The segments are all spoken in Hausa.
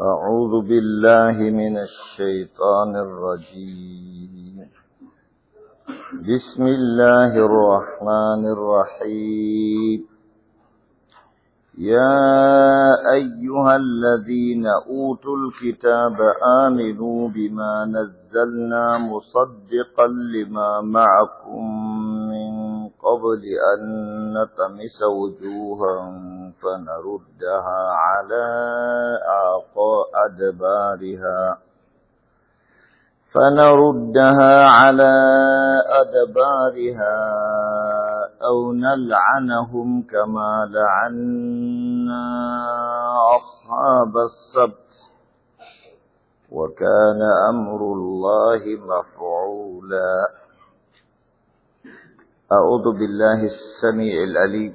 أعوذ بالله من الشيطان الرجيم بسم الله الرحمن الرحيم يا أيها الذين أوتوا الكتاب آمنوا بما نزلنا مصدقا لما معكم من قبل أن نتمس وجوها فنردها على أدبارها فنردها على أدبارها أو نلعنهم كما لعنا أصحاب السبت وكان أمر الله مفعولا أعوذ بالله السميع العليم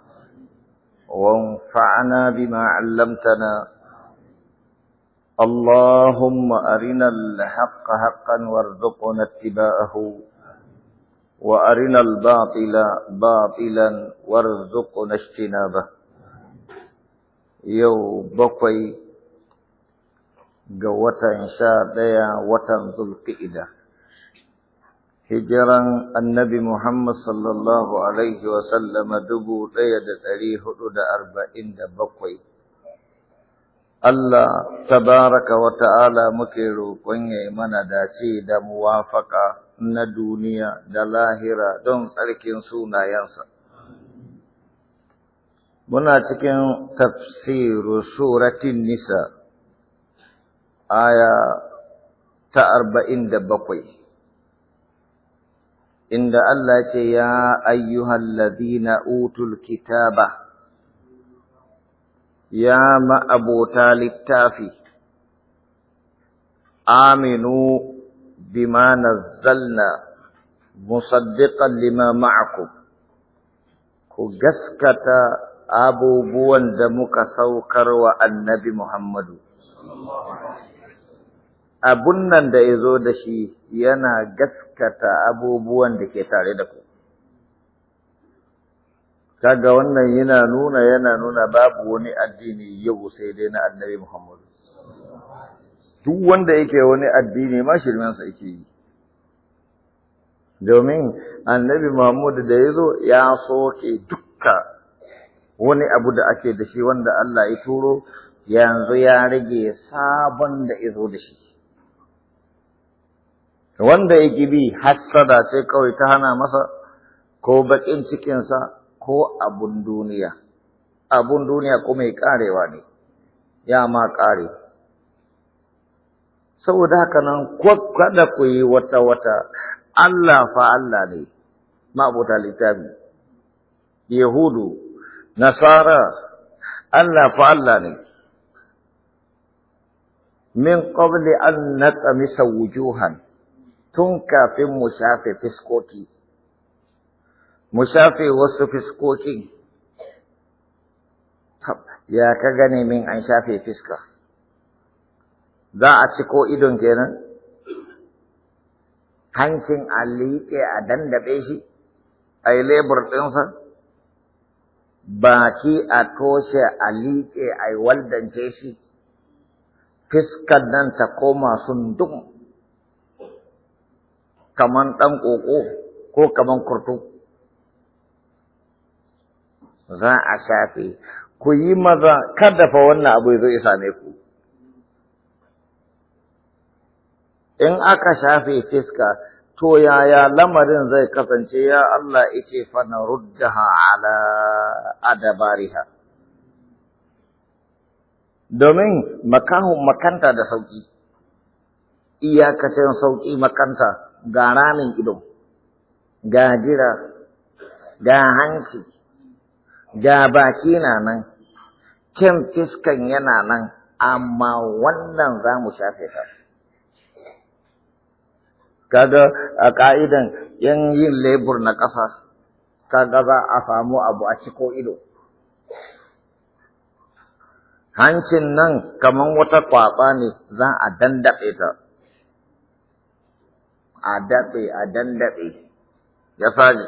وانفعنا بما علمتنا اللهم أرنا الحق حقا وارزقنا اتباعه وأرنا الباطل باطلا وارزقنا اجتنابه يو بقي قوة شادية وتنزل قئدة hijiran annabi Muhammad sallallahu Alaihi wasallama dubu ɗaya da ɗari hudu da arba'in da bakwai. Allah tabaraka wa ta'ala muke roƙon ya mana dace da muwafaka na duniya da lahira don tsarkin sunayensa. Muna cikin tafsiru suratin nisa, aya ta arba'in da bakwai. inda Allah ce ya ayyuhallazina utul kitaba ya ma'abota littafi aminu bima nazzalna musaddiqan lima ma'akum ku gaskata abubuwan da muka saukar wa annabi Muhammadu abun nan da ya zo da shi yana gaskata abubuwan da ke tare da ku. Kaga wannan yana nuna yana nuna babu wani addini yau sai dai na annabi Muhammadu. Duk wanda yake wani addini ma shirmansa yake yi. Domin annabi Muhammadu da ya zo ya soke duka wani abu da ake da shi wanda Allah ya turo yanzu ya rage sabon da ya zo da shi. wanda ya bi hassada sai kawai ta hana masa ko baƙin cikinsa ko abun duniya abun duniya kuma ya karewa ne ya ma kare saboda haka nan kada ku yi wata wata Allah fa Allah ne ma'abuta littafi yahudu nasara Allah fa Allah ne min qabli an naqmisa wujuhan tun kafin mu shafe fiskoki, mu shafe wasu fiskokin, ya ka gane min an shafe fiska, za a ciko idon kenan, hancin a liƙe a dandabe shi, a yi lebur ɗinsa, baki a toshe a liƙe a yi waldance shi, fiskar nan ta koma sun dum. kaman ɗan ƙoƙo ko kaman kurtu. Za a shafe, ku yi maza kada fa wannan abu zai same ku. In aka shafe fiska, to yaya lamarin zai kasance ya Allah ice fa na ruddaha ala adabariha. Domin makanta da sauƙi, iyakacin sauƙi makanta. ga ramin ido ga jira ga hanci ga baki na nan kyan fiskan yana nan amma wannan za mu shafe ta kaga a ka'idan yan yin lebur na ƙasa kaga za a samu abu a ciko ido hancin nan kamar wata kwaba ne za a dandaɓe ta a daɗe a dandaɗe ya sani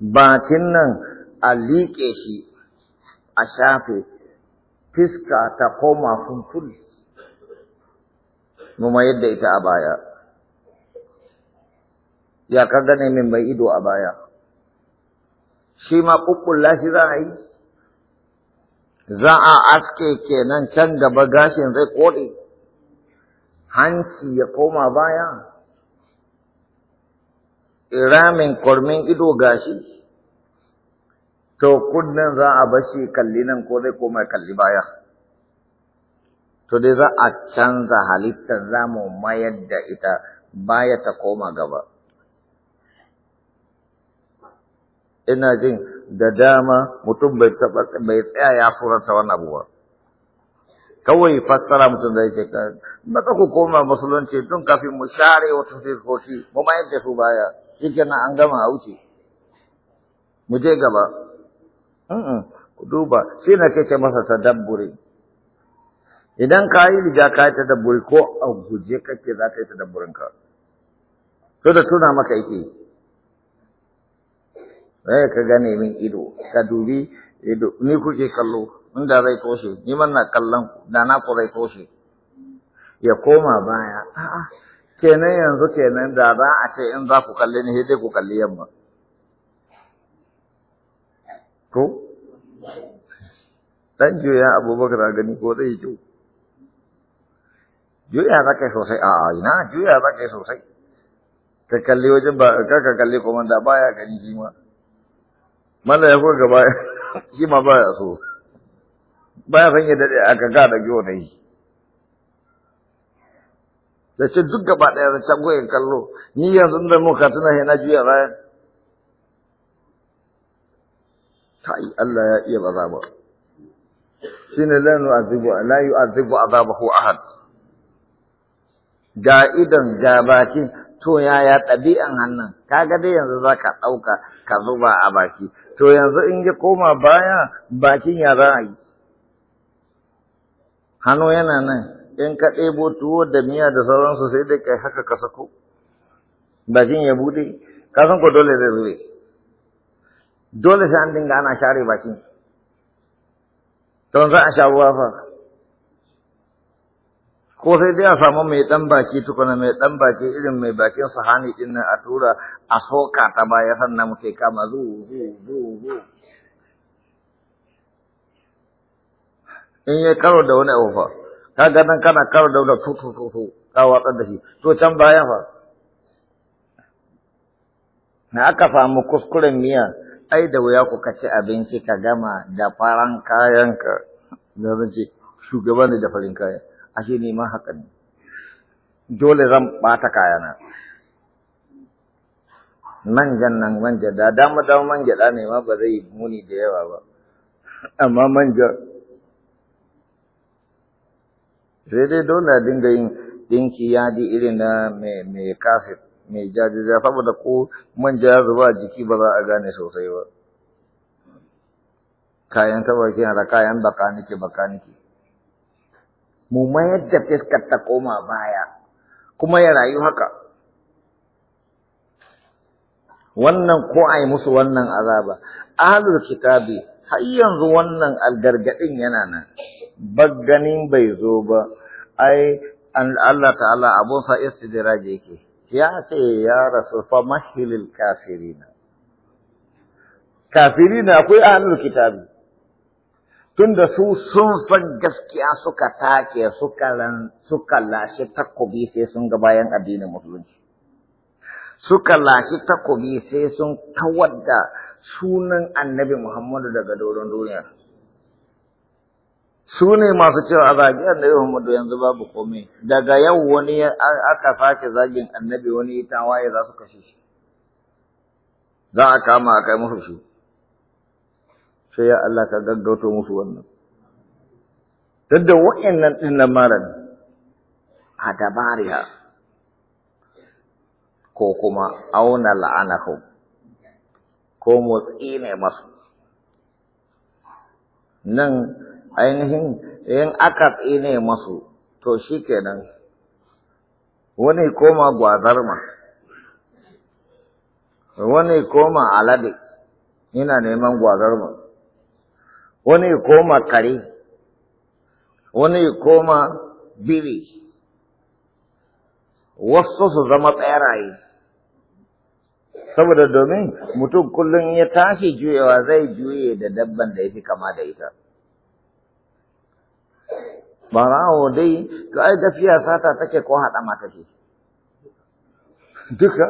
bakin nan a liƙe shi a shafe fiska ta koma funtul mu mayar da ita a baya ya ka ne min bai ido a baya shi ma ƙuƙƙulla shi za a yi za a aske kenan can gaba gashin zai koɗe hanci ya koma baya ramin kwarmin ido gashi to kunnen za a bashi kalli nan ko zai koma kalli baya to dai za a canza halittar za mu mayar da ita baya ta koma gaba ina jin da dama mutum bai tsaya ya furanta wannan abubuwa kawai fassara mutum zai ce ka matsa ku koma musulunci tun kafin mu share wata fiskoki mu mayar da su baya shi kenan an gama a wuce mu je gaba ku duba shi na kake masa tadabburi idan ka yi riga ka yi tadabburi ko a guje kake za ka yi tadabburin ka to da tuna maka yake sai eh, ka gane min ido ka dubi ido ni kuke kallo inda zai toshe ni na kallon ku da na ku zai toshe ya koma baya a'a kenan yanzu kenan da za a ce in za ku kalli ni sai ku kalli yamma ko dan juya abubakar a gani ko zai kyau juya za ka sosai a'a ina juya za ka sosai ka kalli wajen ba ka ka kalli komanda baya gani shi ma mallan ya kuka gaba shi ma baya so baya san yadda daɗe aka ga da giwo yi da ce duk gaba ɗaya da can goyin kallo ni yanzu da muka tuna sai na juya bayan kai Allah ya iya baza ba shine lanu azibu, la yu'azibu azabahu ahad ga idan ga bakin to yaya ɗabi'an hannun kaga dai yanzu za ka ɗauka ka zuba a baki to yanzu in ya koma baya bakin ya za a yi hannu yana nan in ka ɗebo tuwo da miya da sauransu sai dai kai haka ka sako bakin ya buɗe ka san ko dole zai zube dole sai an dinga ana share bakin don za a sha ruwa fa ko sai dai a samu mai ɗan baki tukuna mai ɗan baki irin mai bakin sahani ɗin nan a tura a soka ta baya sannan muke kama zuwa zuwa zuwa in ya karo da wani abu fa kaga nan kana karo da wani tutu tutu ka watsar da shi to can baya fa na aka samu kuskuren miya ai da wuya ku kaci abinci ka gama da faran kayanka da zan ce shugaba ne da farin kayan ashe ne ma haka ne dole zan bata kayana manjan nan manja da dama dama man gyaɗa ne ma ba zai muni da yawa ba amma manja sai dai dole a dinga yin ya yadi irin na mai kafin mai jajaja saboda ko manja ya zuba jiki ba za a gane sosai ba kayan kina da kayan bakanike bakanike mu mayar da fiskar ta koma baya kuma ya rayu haka wannan ko a yi musu wannan azaba ahlul kitabi har yanzu wannan algargadin yana nan bagganin bai zo ba ai Allah ta'ala abun sa istidraj yake ya ce ya rasu fa mahilil kafirina kafirina akwai ahlul kitabi tunda su sun san gaskiya suka take suka suka lashe takobi sai sun ga bayan addinin musulunci suka lashe takobi sai sun kawar da sunan annabi Muhammadu daga doron duniya su ne masu cewa a zagi annabi Muhammadu yanzu babu komai daga yau wani aka sake zagin annabi wani tawaye za su kashe shi za a kama a kai musu su sai ya Allah ka gaggauto musu wannan duk da wa'annan ɗin na maran a dabariya ko kuma auna la'anahu ko motsi ne masu nan ainihin in aka ne masu to shi kenan wani koma gwazarma wani koma alade ina neman gwazarma wani koma kare wani koma biri wasu su zama tseraye saboda domin mutum kullum ya tashi juyewa zai juye da dabban da ya fi kama da ita barawo dai to ai gafiya sata take ko hada ma take duka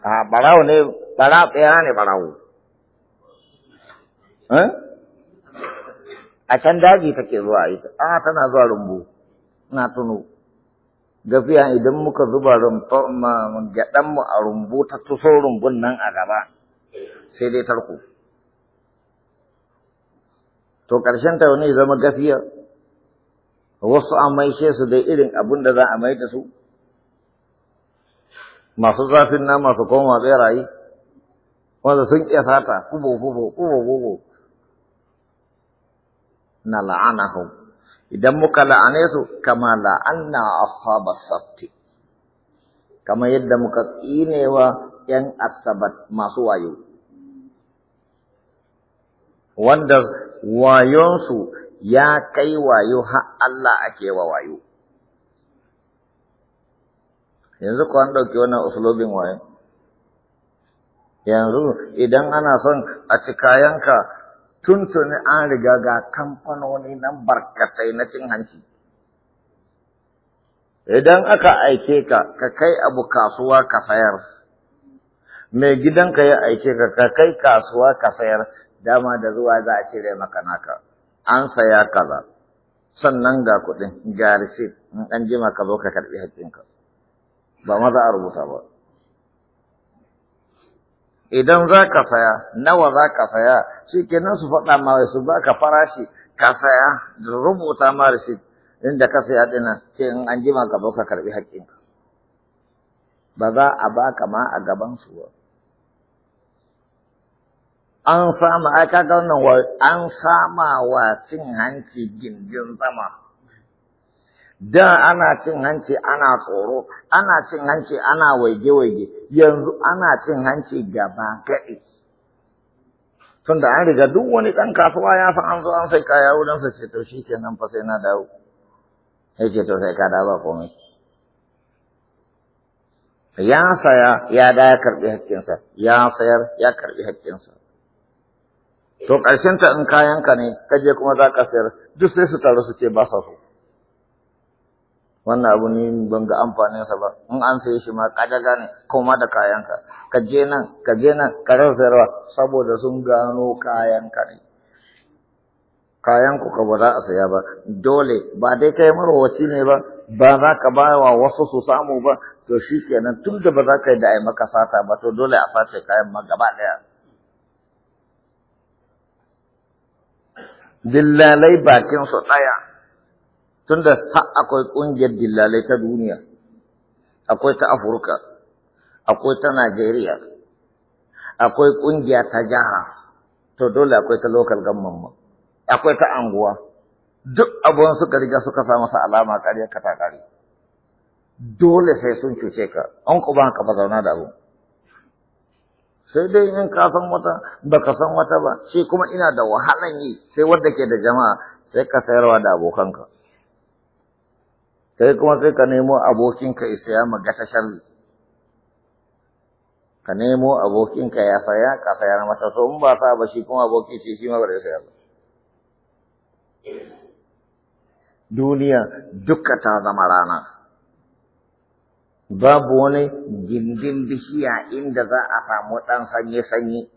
a barawo ne bara tsaya ne barawo eh? a can daji take zuwa ita a tana zuwa rumbu na tunu, gafiya idan muka zuba mu a rumbu ta tuso rumbun nan a gaba sai dai tarko to ƙarshen ta wani zama gafiya wasu an maishe su dai irin abin da za a mai da su masu zafin na masu koma beraye wanda sun sata kubo kubo kubo kubo na la'ana hau idan muka la'ane su kama la'anna ashabas sabti kama yadda muka tsinewa yan Asabar masu wayo wanda wayonsu ya kai wayo har Allah ake wa wayo. Yanzu ku an ɗauki wannan uslobin wayo. Yanzu idan ana son a ci kayanka tuntuni an riga ga kamfanoni nan barkatai na cin hanci. Idan aka aike ka, ka kai abu kasuwa ka sayar. Mai gidanka ya aike ka, ka kai kasuwa ka sayar, dama da zuwa za a cire maka naka. an saya kaza sannan ga kuɗin ga receipt in an jima ka zo ka karɓi haƙƙinka ba ma za a rubuta ba idan za ka saya nawa za ka saya shi kenan su faɗa ma su ba ka farashi ka saya da rubuta ma receipt inda ka saya ɗina sai in an jima ka zo ka karɓi haƙƙinka ba za a baka ma a gaban su ba an sama a kaga wannan wa an sama wa cin hanci gindin zama da ana cin hanci ana tsoro ana cin hanci ana waige-waige yanzu ana cin hanci gaba gaɗi tunda an riga duk wani ɗan kasuwa ya fa an zo an sai kaya wurinsa ce to shi nan fa sai na dawo sai ce to sai ka dawo ba komai ya saya ya da ya karɓi haƙƙinsa ya sayar ya karɓi haƙƙinsa To ta in kayanka ne, ka je kuma za ka sayar, duk sai su taru su ce ba sa so. Wannan abu ne ban ga amfaninsa ba, in an saye shi ma ƙadaga ne, kuma da kayanka. Ka je nan, ka je nan, ka sayarwa, saboda sun gano kayanka ne. Kayan ku ka ba za a saya ba, dole ba dai kai marwaci ne ba, ba za ka ba wa wasu su samu ba, to shi kenan tun da ba za ka yi da ai maka sata ba, to dole a sace kayan ma gaba ɗaya. dillalai bakin su tsaya tunda har akwai ƙungiyar dillalai ta duniya akwai ta Afirka akwai ta Najeriya akwai ƙungiya ta jiha to dole akwai ta local government akwai ta anguwa duk abun suka riga suka sa masa alama kariya, ka ta dole sai sun cuce ka an ku ba ka ba zauna da abu sai dai in ka san wata ba ka san wata ba shi kuma ina da wahalan yi sai wanda ke da jama'a sai ka sayarwa da abokanka sai kuma sai ka nemo abokinka ya saya ma gata sharri ka nemo abokinka ya saya ka sayar mata so in ba sa ba shi kuma abokin shi shi ma ba zai duniya duka ta zama rana babu wani gindin bishiya inda za a samu ɗan sanyi sanyi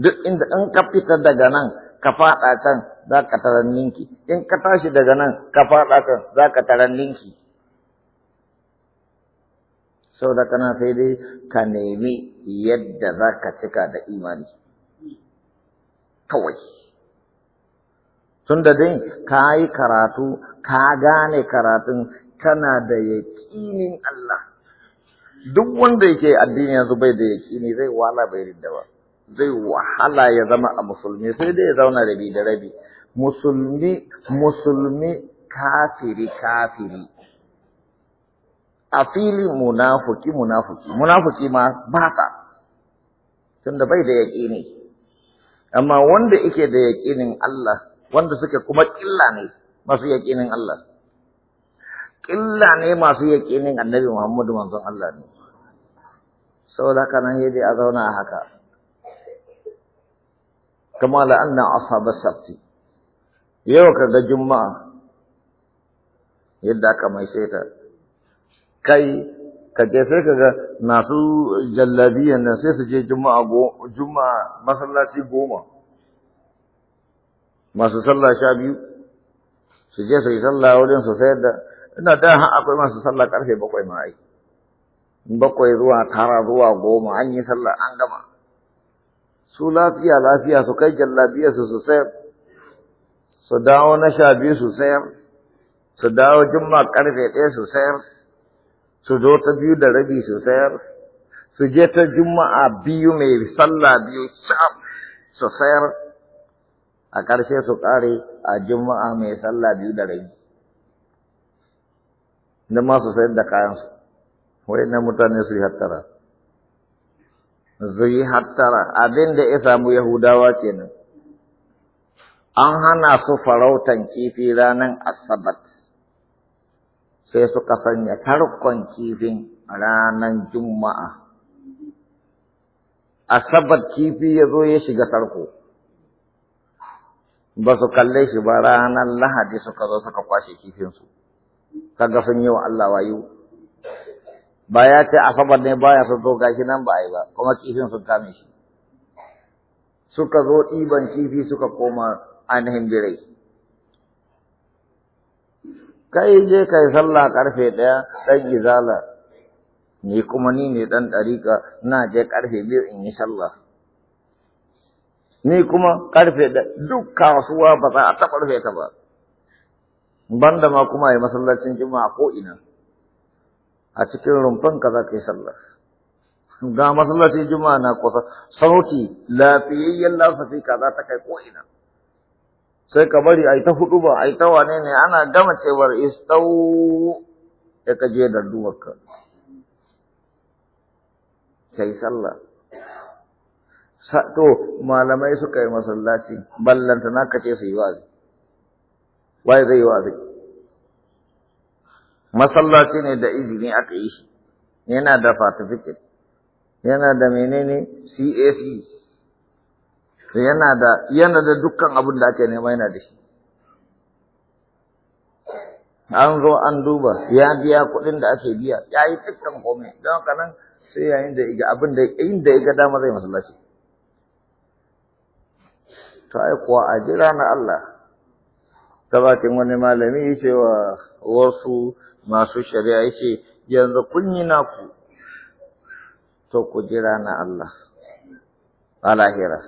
Duk inda in ka fita daga nan ka faɗa can za ka taran ninki, in ka tashi daga nan ka faɗa can za ka taran ninki. Sau da kana sai dai ka nemi yadda za ka cika da imani. Kawai. Tun da dai ka yi karatu, ka gane karatun tana da yaƙinin Allah duk wanda yake addini yanzu bai da yaƙini zai wala bai ridda ba zai wahala ya zama a musulmi sai dai ya zauna rabi da rabi musulmi musulmi kafiri kafiri a fili munafuki munafuki munafuki ma ba ta tunda bai da yaƙini amma wanda yake da yaƙinin Allah wanda suke kuma ƙilla ne masu yaƙinin Allah ƙilla ne masu yaƙinin annabi Muhammadu manzon Allah ne. Saboda haka nan dai a zauna a haka. Kama da annan asabar sabti. Yau ka ga Juma'a yadda aka mai shaita Kai ka je sai ka ga masu jallabiyan nan sai su je Juma'a Juma'a masallaci goma. Masu sallah sha biyu su je su yi sallah wurin su sayar da ina da akwai masu sallah karfe bakwai ma ai bakwai zuwa tara zuwa goma an yi sallah an gama su lafiya lafiya su kai jallabiya su su sayar su dawo na sha biyu su sayar su dawo jumma karfe ɗaya su sayar su zo ta biyu da rabi su sayar su je ta juma'a biyu mai sallah biyu shaf su sayar a ƙarshe su ƙare a juma'a mai sallah biyu da rabi na masu sayar da kayansu na mutane su yi hattara su yi hattara abin da ya samu yahudawa kenan an hana su farautan kifi ranar asabat sai suka sanya tarkon kifin ranar juma'a asabat kifi ya zo ya shiga tarko ba su kalle shi ba ranar lahadi suka zo suka kwashe kifinsu kaga sun yi wa Allah wayo ba ya ce asabar ne baya so to gashi nan ba a yi ba kuma kifin sun kame shi suka zo ɗiban kifi suka koma ainihin birai kai je kai sallah karfe ɗaya ɗan izala ni kuma ni ne ɗan ɗariƙa na je karfe biyu in yi sallah ni kuma karfe da duk kasuwa ba za a taɓa rufe ta ba banda ma kuma a yi masallacin juma'a ko ina a cikin rumfan ka za ka yi sallar ga masallacin juma'a na kusa sauti lafiyayyen lafafi ka za ta kai ko ina sai ka bari a yi ta hudu ba a yi ta wane ne ana gama cewar istau ya ka je da duwarka ka yi sallah to malamai suka yi masallaci ballanta na ka ce su yi wazi waye zai yi zai. masallaci ne da izini aka yi shi yana da fatifikin, yana da menene CAC yana da yana da dukkan abin da ake nema yana da shi an zo an duba ya biya kuɗin da ake biya ya yi dukkan komai don haka nan sai yayin da iga abin da da iga dama zai masallaci to ai kuwa a jira na Allah gabatin wani malami ya ce wa wasu masu shari'a ya ce yanzu kun yi naku to ku jira na Allah a lahira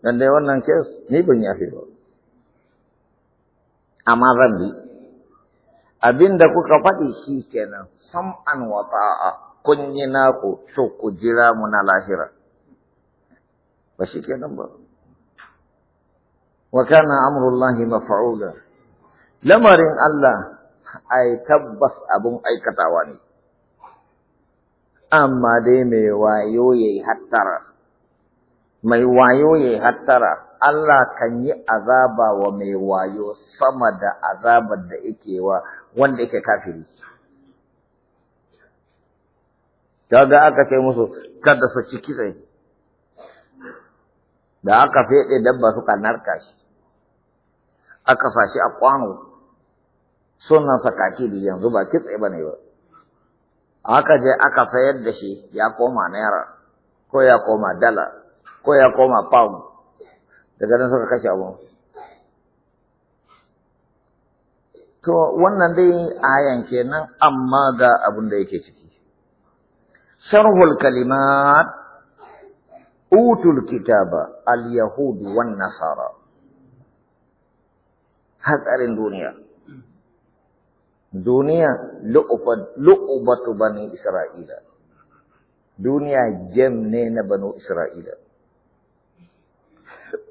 dan dai wannan kes ni ban fi ba amma zan bi abinda kuka faɗi shi kenan an wa ta'a kun yi naku to ku jira mu na lahira ba shi kenan ba wa kana amrullahi maf'ula lamarin Allah ai tabbas abun aikatawa ne amma dai mai wayo yayi hattara mai wayo yayi hattara Allah kan yi azaba wa mai wayo sama da azabar da yake wa wanda yake kafiri kaga aka ce musu kada su ci sai. da aka feɗe dabba suka narka shi aka fashi a kwano sunan sa da yanzu ba kitse ba ne ba aka je aka sayar da shi ya koma naira ko ya koma dala ko ya koma pound daga nan suka kashe abun to wannan dai ayan kenan amma ga abun da yake ciki sharhul kalimat utul kitaba al yahud wan nasara hatsarin duniya dunia duniya lu'ubatu bani Isra'ila. dunia gem ne na banu Isra'ila.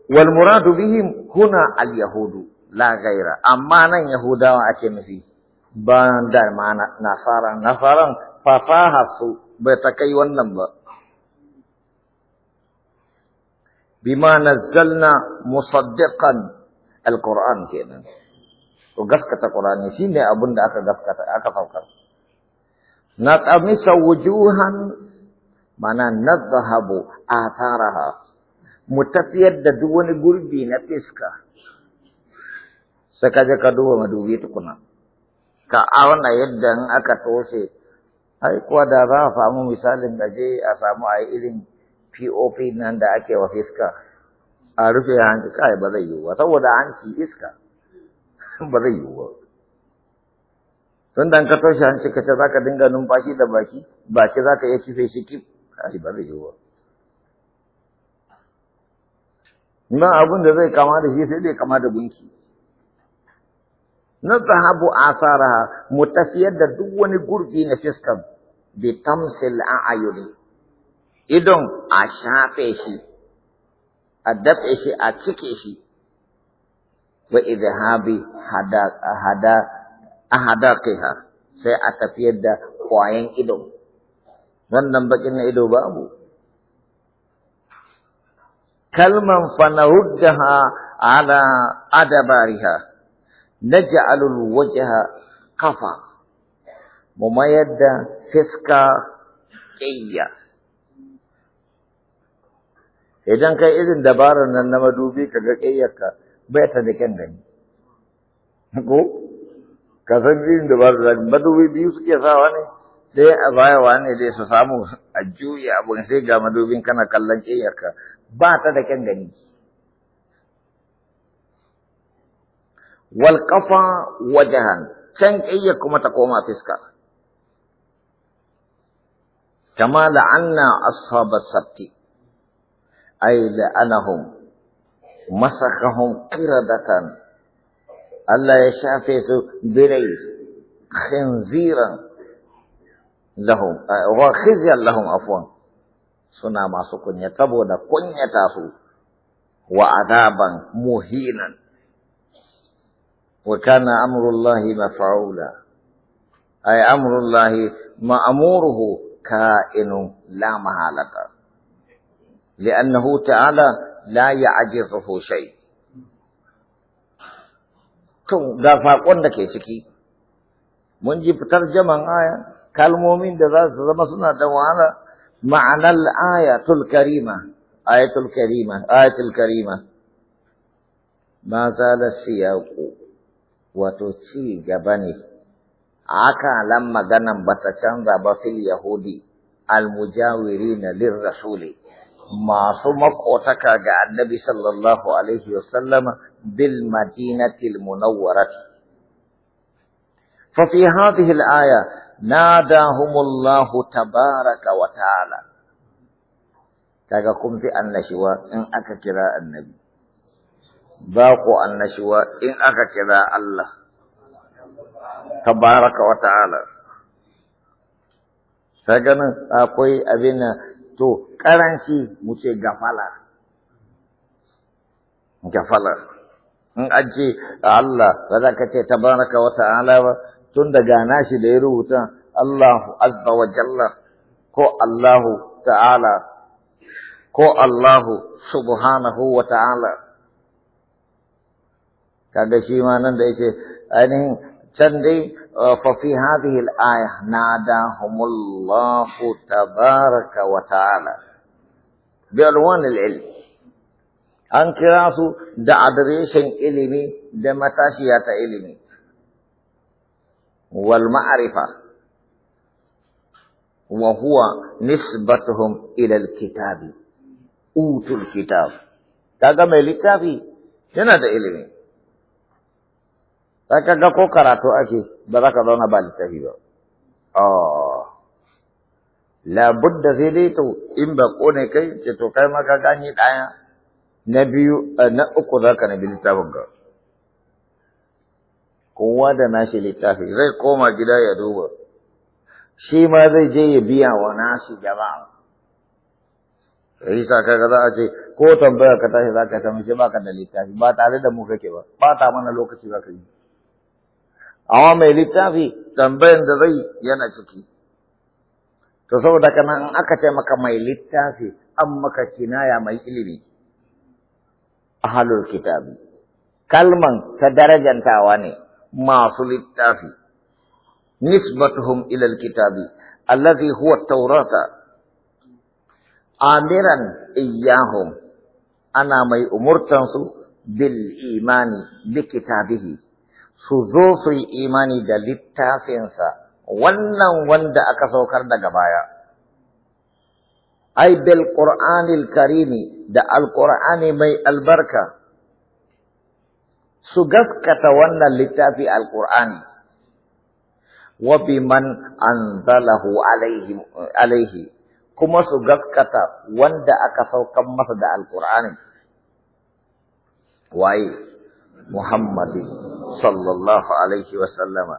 Wal muradu bihim kuna al-Yahudu la ghaira amma nan Yahudawa ake nufi, ba da ma nasara, nasaran fasaha su bai wannan ba. Bima nazzalna musaddiqan al-Qur'an kenan. su gaskata Qur'ani shine abin da aka gaskata aka saukar na qamisa wujuhan mana a atharaha mu tafiyar da duk wani gurbi na fiska sai ka je ka duba madubi tukuna ka auna yadda in aka toshe ai kuwa da za a samu misalin da je a samu a irin POP nan da ake wa fiska a rufe hanci kai ba zai yiwu saboda hanci iska ba zai yiwu ba tun da ka toshe hanci ka ce za ka dinga numfashi da baki baki za ka iya kife shi kif ai ba zai yiwu ba na abin da zai kama da shi sai dai kama da gunki na zahabu asara mu tafiyar da duk wani gurbi na fiskan bi tamsil a'yuni idon a shafe shi a dafe shi a cike shi wa idhabi hada hada ahadaqiha sai a tafiyar da kwayan ido wannan bakin na ido babu kalman fanaruddaha ala adabariha naj'alul wajha kafa mu mayar da fiska ƙiyya idan kai irin dabarar nan na madubi kaga ƙiyyarka Bayata da kyan gani ko ka san irin da ba su zaɓi madubi biyu suke sawa ne sai a baya wa ne dai su samu a juya abin sai ga madubin kana kallon ƙiyarka ba ta da kyan gani wal kafa wajahan can ƙiyar kuma ta koma fiska kama la'anna ashabar sabti ai la'anahum مسخهم قردة الله يشافي بري خنزيرا لهم آه، وخزيا لهم عفوا سنا ما سكن يتبو دا كن يتاسو وعذابا مهينا وكان أمر الله مفعولا أي أمر الله مأموره كائن لا محالة لأنه تعالى la ya'jizuhu shay to ga fakon da ke ciki mun ji fitar jaman aya kalmomin da za su zama suna da wahala ma'anar ayatul karima ayatul karima ayatul karima ma zala wato ci gaba ne akalan maganan bata canza ba fil yahudi almujawirina lirrasuli masu makotaka ga annabi sallallahu alaihi wasallam bil madinatil munawwarah fa munawwarati ففي هذه الآية ناداهم الله wa ta'ala kaga kun fi annashuwa in aka kira annabi baqo ku in aka kira Allah tabaraka wa ta'ala sagana akwai abin to karanci mu ce gafala gafala in an ce Allah ba za ka ce tabaraka wa ta'ala ba tun daga shi da ya rubuta Allahu azza wa jalla ko Allahu ta'ala ko Allahu subhanahu wa ta'ala kaga shi ma nan da yake ainihin چندی ففي هذه الآية ناداهم الله تبارك وتعالى بألوان العلم أنكراسو دا أدريشن إلمي دا إلمي والمعرفة وهو نسبتهم إلى الكتاب أوت الكتاب تاقا ملتا في جنة إلمي Za ka ga ko karatu ake ba za ka zauna ba littafi ba. Ah. Labudda sai dai to in ba ne kai ce to kai ma ka gani ɗaya na biyu na uku za ka nabi littafin ka. Kowa da nashi littafi zai koma gida ya duba. Shi ma zai je ya biya wa nashi jama'a. Sai sa kaga za a ce ko tambaya ka tashi za ka tashi ba ka da littafi ba tare da mu kake ba ba ta mana lokaci ba ka yi. awa mai littafi tambayan da zai yana ciki to saboda kana in aka ce maka mai littafi an maka kinaya mai ilimi ahalul kitabi kalman ta darajantawa ne masu littafi nisbatuhum ila alkitabi alladhi huwa taurata amiran iyyahum ana mai umurtansu bil imani bi kitabihi su zo su yi imani da littafinsa wannan wanda aka saukar daga baya. Ai, bil Ƙur'anil Karimi da Alƙur'ani mai albarka, su gaskata wannan littafi Alƙur'ani, wa man anzalahu alaihi, kuma su gaskata wanda aka saukar masa da Alƙur'ani. Waye, Muhammadu. صلى الله عليه وسلم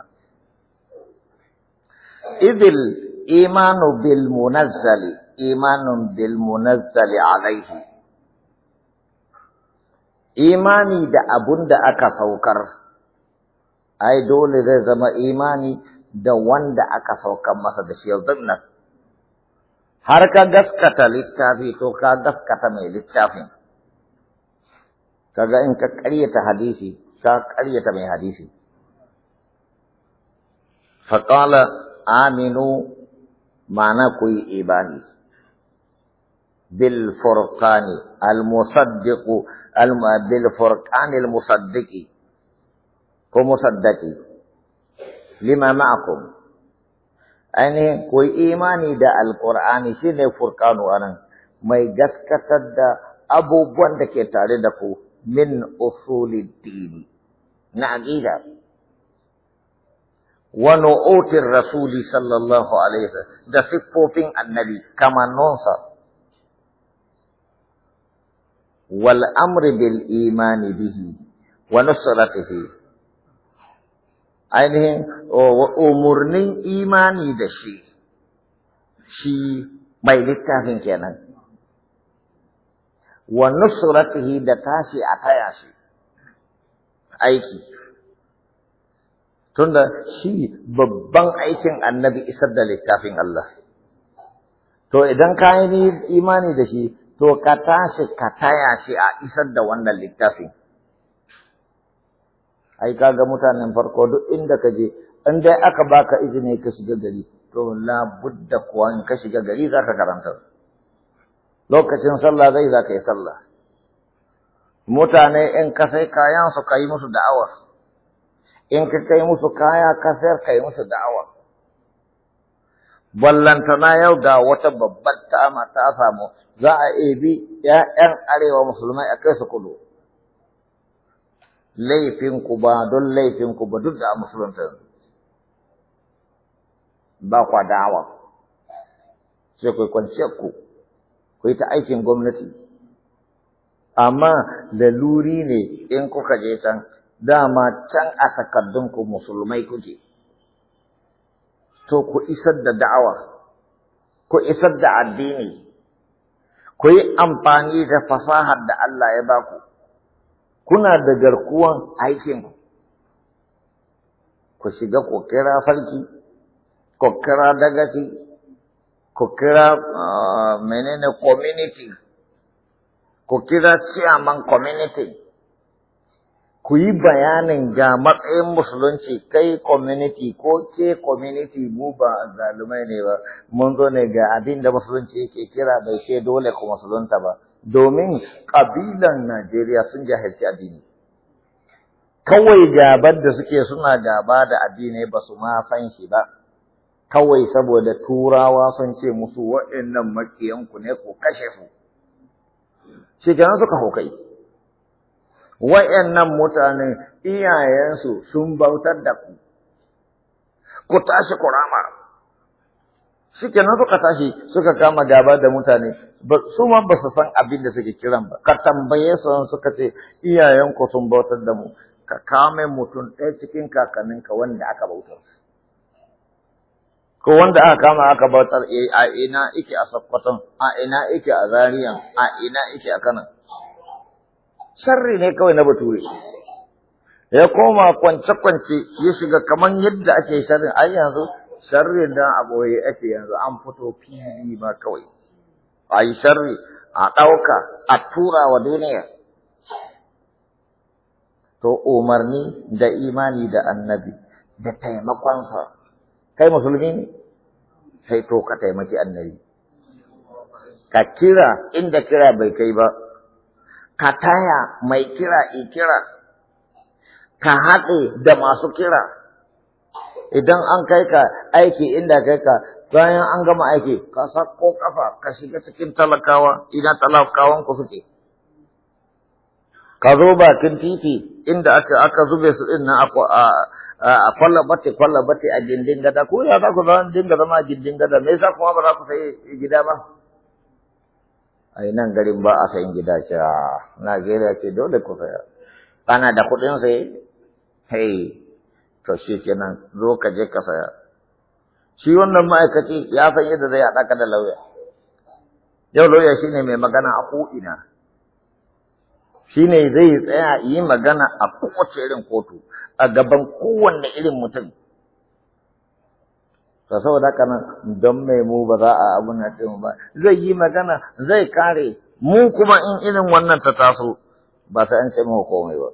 إذ الإيمان بالمنزل إيمان بالمنزل عليه إيماني دا أبن دا أكا سوكر أي دول زي زما إيماني دا وان دا أكا سوكر مسا دا شيء ضمنك har ka gaskata littafi to ka gaskata mai littafin kaga in ka ساقريه من حديثي فقال امنوا معنى كوي ايباني بالفرقان المصدق الم... بالفرقان المصدق كو مصدقي لما معكم اني كوي ايماني دا القران شنو أنا وانا ماي غسكتد ابو بوان دكي تاري دكو min din na aqida wa nu'utir rasuli sallallahu alaihi wasallam da siffofin annabi kamanonsa wal amri bil imani bihi wa nusratihi ainihin umurnin imani da shi shi mai littafin kenan wa nusratihi da tashi a taya shi aiki tunda shi babban aikin annabi isar da littafin Allah to idan ka yi imani da shi to ka tashi ka taya shi a isar da wannan littafin ai kaga mutanen farko duk inda ka je in dai aka baka izini ka shiga gari to budda kuwa in ka shiga gari za ka karanta lokacin sallah zai za ka yi sallah mutane in ka sai kayan su ka yi musu da'awar in ka kai musu kaya ka sayar ka yi musu da'awar ballantana yau da wata babbar ta'ama ta samu za a ebi ‘ya'yan arewa musulmai a kai su kudu ku ba don laifin ku ba duk da musulunta ba kwa da'awar sai ku kwanciyar ku ku yi ta aikin gwamnati amma laluri ne in kuka je can dama can a ku musulmai kuke to ku isar da da'awa ku isar da addini ku yi amfani da fasahar da Allah ya baku kuna da garkuwan aikin ku shiga ku kira sarki ku kira dagaci ku kira uh, menene community ku kira ciyaman community ku yi bayanin ga matsayin musulunci kai community ko ke community mu ba zalumai ne ba mun zo ne ga abin da musulunci yake kira bai ce dole ku musulunta ba domin ƙabilan Najeriya sun jahilci addini kawai gabar da suke suna gaba da addini ba su ma san shi ba kawai saboda turawa sun ce musu waɗannan makiyanku ne ku kashe su shi kenan suka hukai wa'annan mutanen iyayensu sun bautar da ku ku tashi ku rama shi kenan suka tashi suka kama gaba da mutane su ma ba su san abin da suke kiran ba ka tambaye su suka ce iyayenku sun bautar da mu ka kame mutum ɗaya cikin kakanninka wanda aka bautar su ko wanda aka kama aka bautar eh, a ina yake a sakkwaton a ina yake a zariyan a ina yake a kanan sharri ne kawai na bature ya koma kwance-kwance ya shiga kaman yadda ake sharri ai yanzu sharri da a ake yanzu an fito fili ba kawai a yi sharri a ɗauka a tura wa duniya to umarni da imani da annabi da taimakonsa kai musulmi ne sai to ka taimaki annabi ka kira inda kira bai kai ba ka taya mai kira i kira. ka haɗe da masu kira idan an kai ka aiki inda kai ka bayan an gama aiki ka sako kafa ka shiga cikin talakawa ina talakawan ku suke ka zo bakin titi inda aka aka zube su din nan a kwallabace kwallabace a gindin gada ko ya za ku dinga zama gindin gada me yasa kuma ba za ku sai gida ba a nan garin ba a sayin gida ce a Najeriya ce dole ku saya kana da kuɗin sai hey to shi kenan zo ka je ka saya shi wannan ma'aikaci ya san yadda zai haɗa ka da lauya yau lauya shine mai magana a ko'ina Shi ne zai tsaya yi magana a kowace irin kotu a gaban kowanne irin mutum to saboda haka nan don mai mu ba za a abin na mu ba zai yi magana zai kare mu kuma in irin wannan ta taso ba sai an ce mu komai ba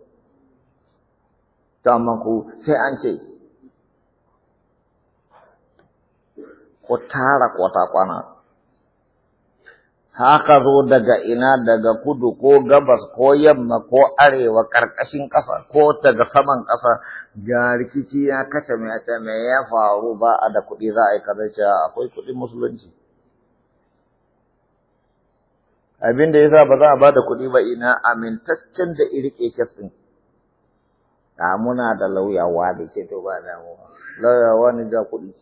to amma ku sai an ce ku tara kwata kwana haka zo daga ina daga kudu ko gabas ko yamma ko arewa ƙarƙashin ƙasa ko daga saman ƙasa ga rikici ya kace mai ta me ya faru ba a da kuɗi za a yi kaza ce akwai kuɗin musulunci abin da yasa ba za a ba da kuɗi ba ina amintaccen da irike kes ɗin muna da lauyawa da ke to ba mu lauyawa ga kuɗi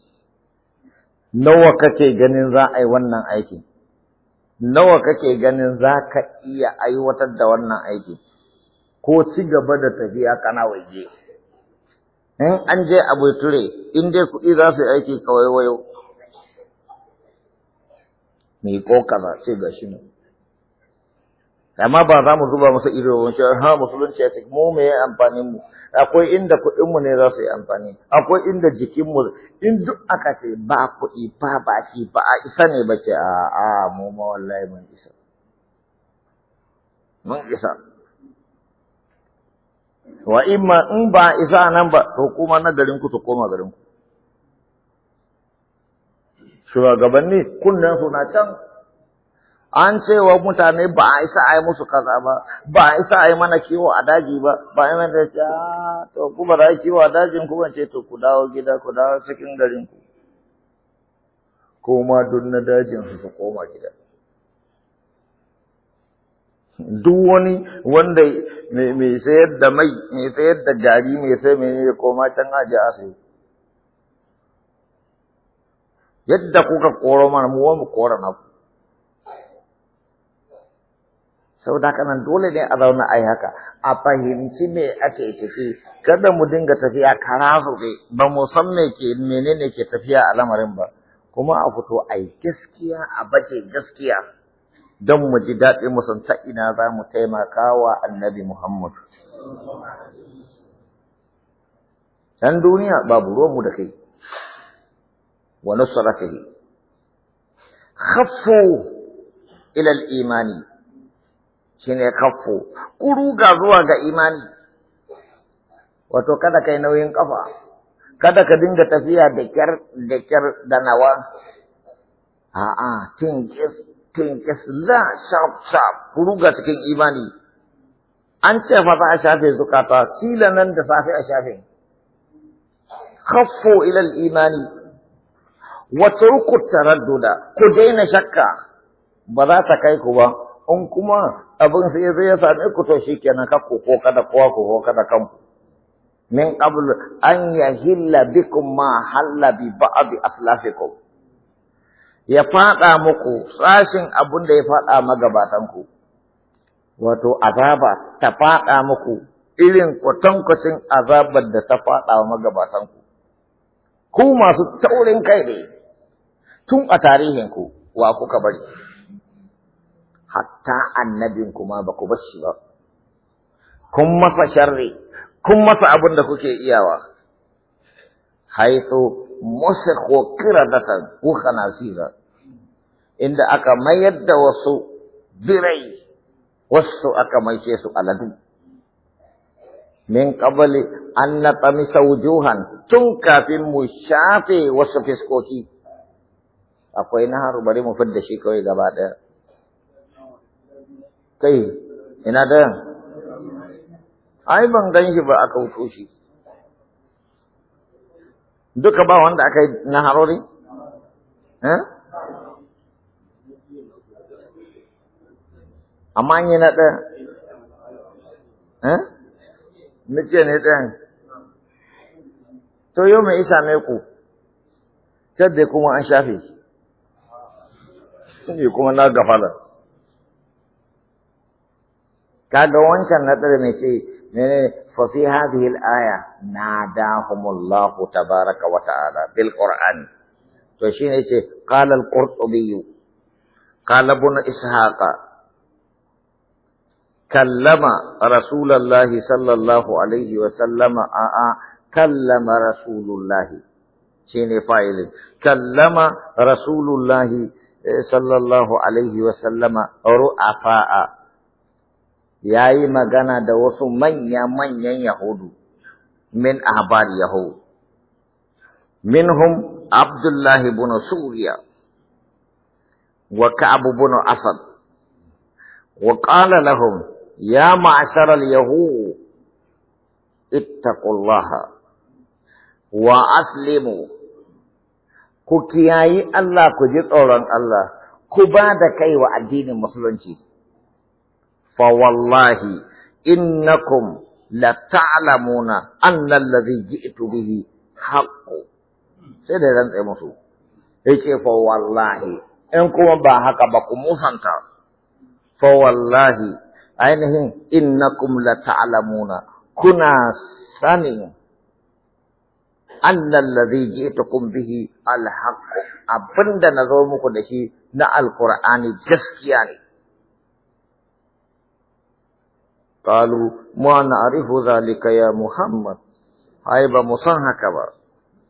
nawa kake ganin za a yi wannan aikin nawa kake ganin za ka iya aiwatar da wannan aiki ko ci gaba da tafiya kana waje in an je a ture in dai kuɗi za su yi aiki kawai wayo mai ƙoƙa ba sai ga shi ne amma ba za mu zuba masa ido mun ce ha musulunci ya mu me ya amfanin mu akwai inda kuɗin mu ne za su yi amfani akwai inda jikin mu in duk aka ce ba kuɗi ba ba shi ba a isa ne ba ce a a mu ma wallahi mun isa mun isa wa imma in ba isa nan ba to kuma na garin ku su koma garin ku shugabanni su na can an ce wa mutane ba a isa a yi musu kaza ba ba a isa a yi mana kiwo a daji ba ba a yi mana ce ah, to ku ba da kiwo a dajin ku ce to ku dawo gida ku dawo cikin garin ku koma duk na dajin su koma gida duk wani wanda mai sayar da mai mai sayar da gari mai sai mai ya koma can aji a sai yadda kuka koro mana mu wa mu kora naku saboda da kanan dole ne a zauna a yi haka a fahimci me ake ciki kada mu dinga tafiya kara ne, ba mu san me ke menene ke tafiya a lamarin ba kuma a fito a yi gaskiya a bace gaskiya don mu ji daɗi mu san ina za mu taimaka wa annabi Muhammad. Dan duniya babu mu da kai wa nusratihi khaffu ila al-imani shine Kuru ga zuwa ga imani wato kada kai nauyin kafa kada ka dinga tafiya da kyar da kyar da nawa a'a tinkis tinkis la sharp sharp ga cikin imani an ce fa za a shafe zukata sila nan da safe a shafe kaffo ila al-imani wa turku taradduda ku daina shakka ba za ta kai ku ba in kuma abin sai zai ya same ku to kenan ka ku ko kada kowa ku ko kada kanku min qabl an yahilla bikum ma halla bi ba'd aslafikum ya fada muku sashin abun da ya fada magabatan ku wato azaba ta fada muku irin kwatankwacin azabar da ta fada magabatan ku ku masu taurin kai ne tun a tarihin ku wa kuka bari hatta annabin kuma ba ku bar shi ba kun masa sharri kun masa abin da kuke iyawa haitu musikhu qiradatan ku khanasira inda aka mayar da wasu birai wasu aka maishe su aladu min qabli an natamisa wujuhan tun kafin mu shafe wasu fiskoki akwai na haru bari mu fidda shi kawai gaba ɗaya kai ina dayan ai ban gan shi ba aka wuto shi duka ba wanda aka yi na harori eh amma an yi na ɗaya eh na ce ne ɗayan to yau mai isa mai ku cadde kuma an shafe shi kuma na gafala قال لو انكر نظر ففي هذه الآية ناداهم الله تبارك وتعالى بالقرآن فشين قال القرطبي قال ابن إسحاق كلم رسول الله صلى الله عليه وسلم آآ كلم رسول الله شين فايل كلم رسول الله صلى الله عليه وسلم رؤفاء ya yi magana da wasu manya-manyan Yahudu min ahbar Yahudu. Minhum Abdullahi bin Suriya wa Ka'ab bin Asad wa qala lahum ya ma'asharar al ittaqullaha wa aslimu ku kiyayi Allah ku ji tsoron Allah ku ba da kai wa addinin musulunci فوالله إنكم لتعلمون أن الذي جئت به حق سيدة رنسي مصو يشي فوالله إنكم باحق بكم مصنطا فوالله أينهم إنكم لتعلمون كنا سنين annal ladhi ji'tukum bihi al-haqq abinda nazo muku da shi na alqur'ani gaskiya ne قالوا ما نعرف ذلك يا محمد بمصنها بمصنهك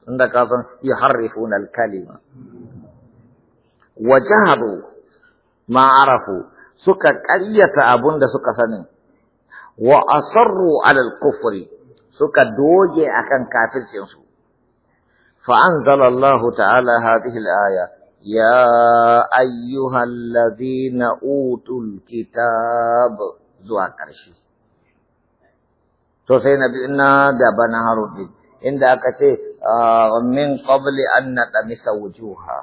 عندك أصلا يحرفون الكلمة وجهدوا ما عرفوا سكا قرية أبون دا سكا سنين وأصروا على الكفر سكا دوجي أكن كافر سينسو فأنزل الله تعالى هذه الآية يا أيها الذين أوتوا الكتاب زوا كرشي sosai sai na na gaba na harun inda aka ce ah, min qabli an misa wujuha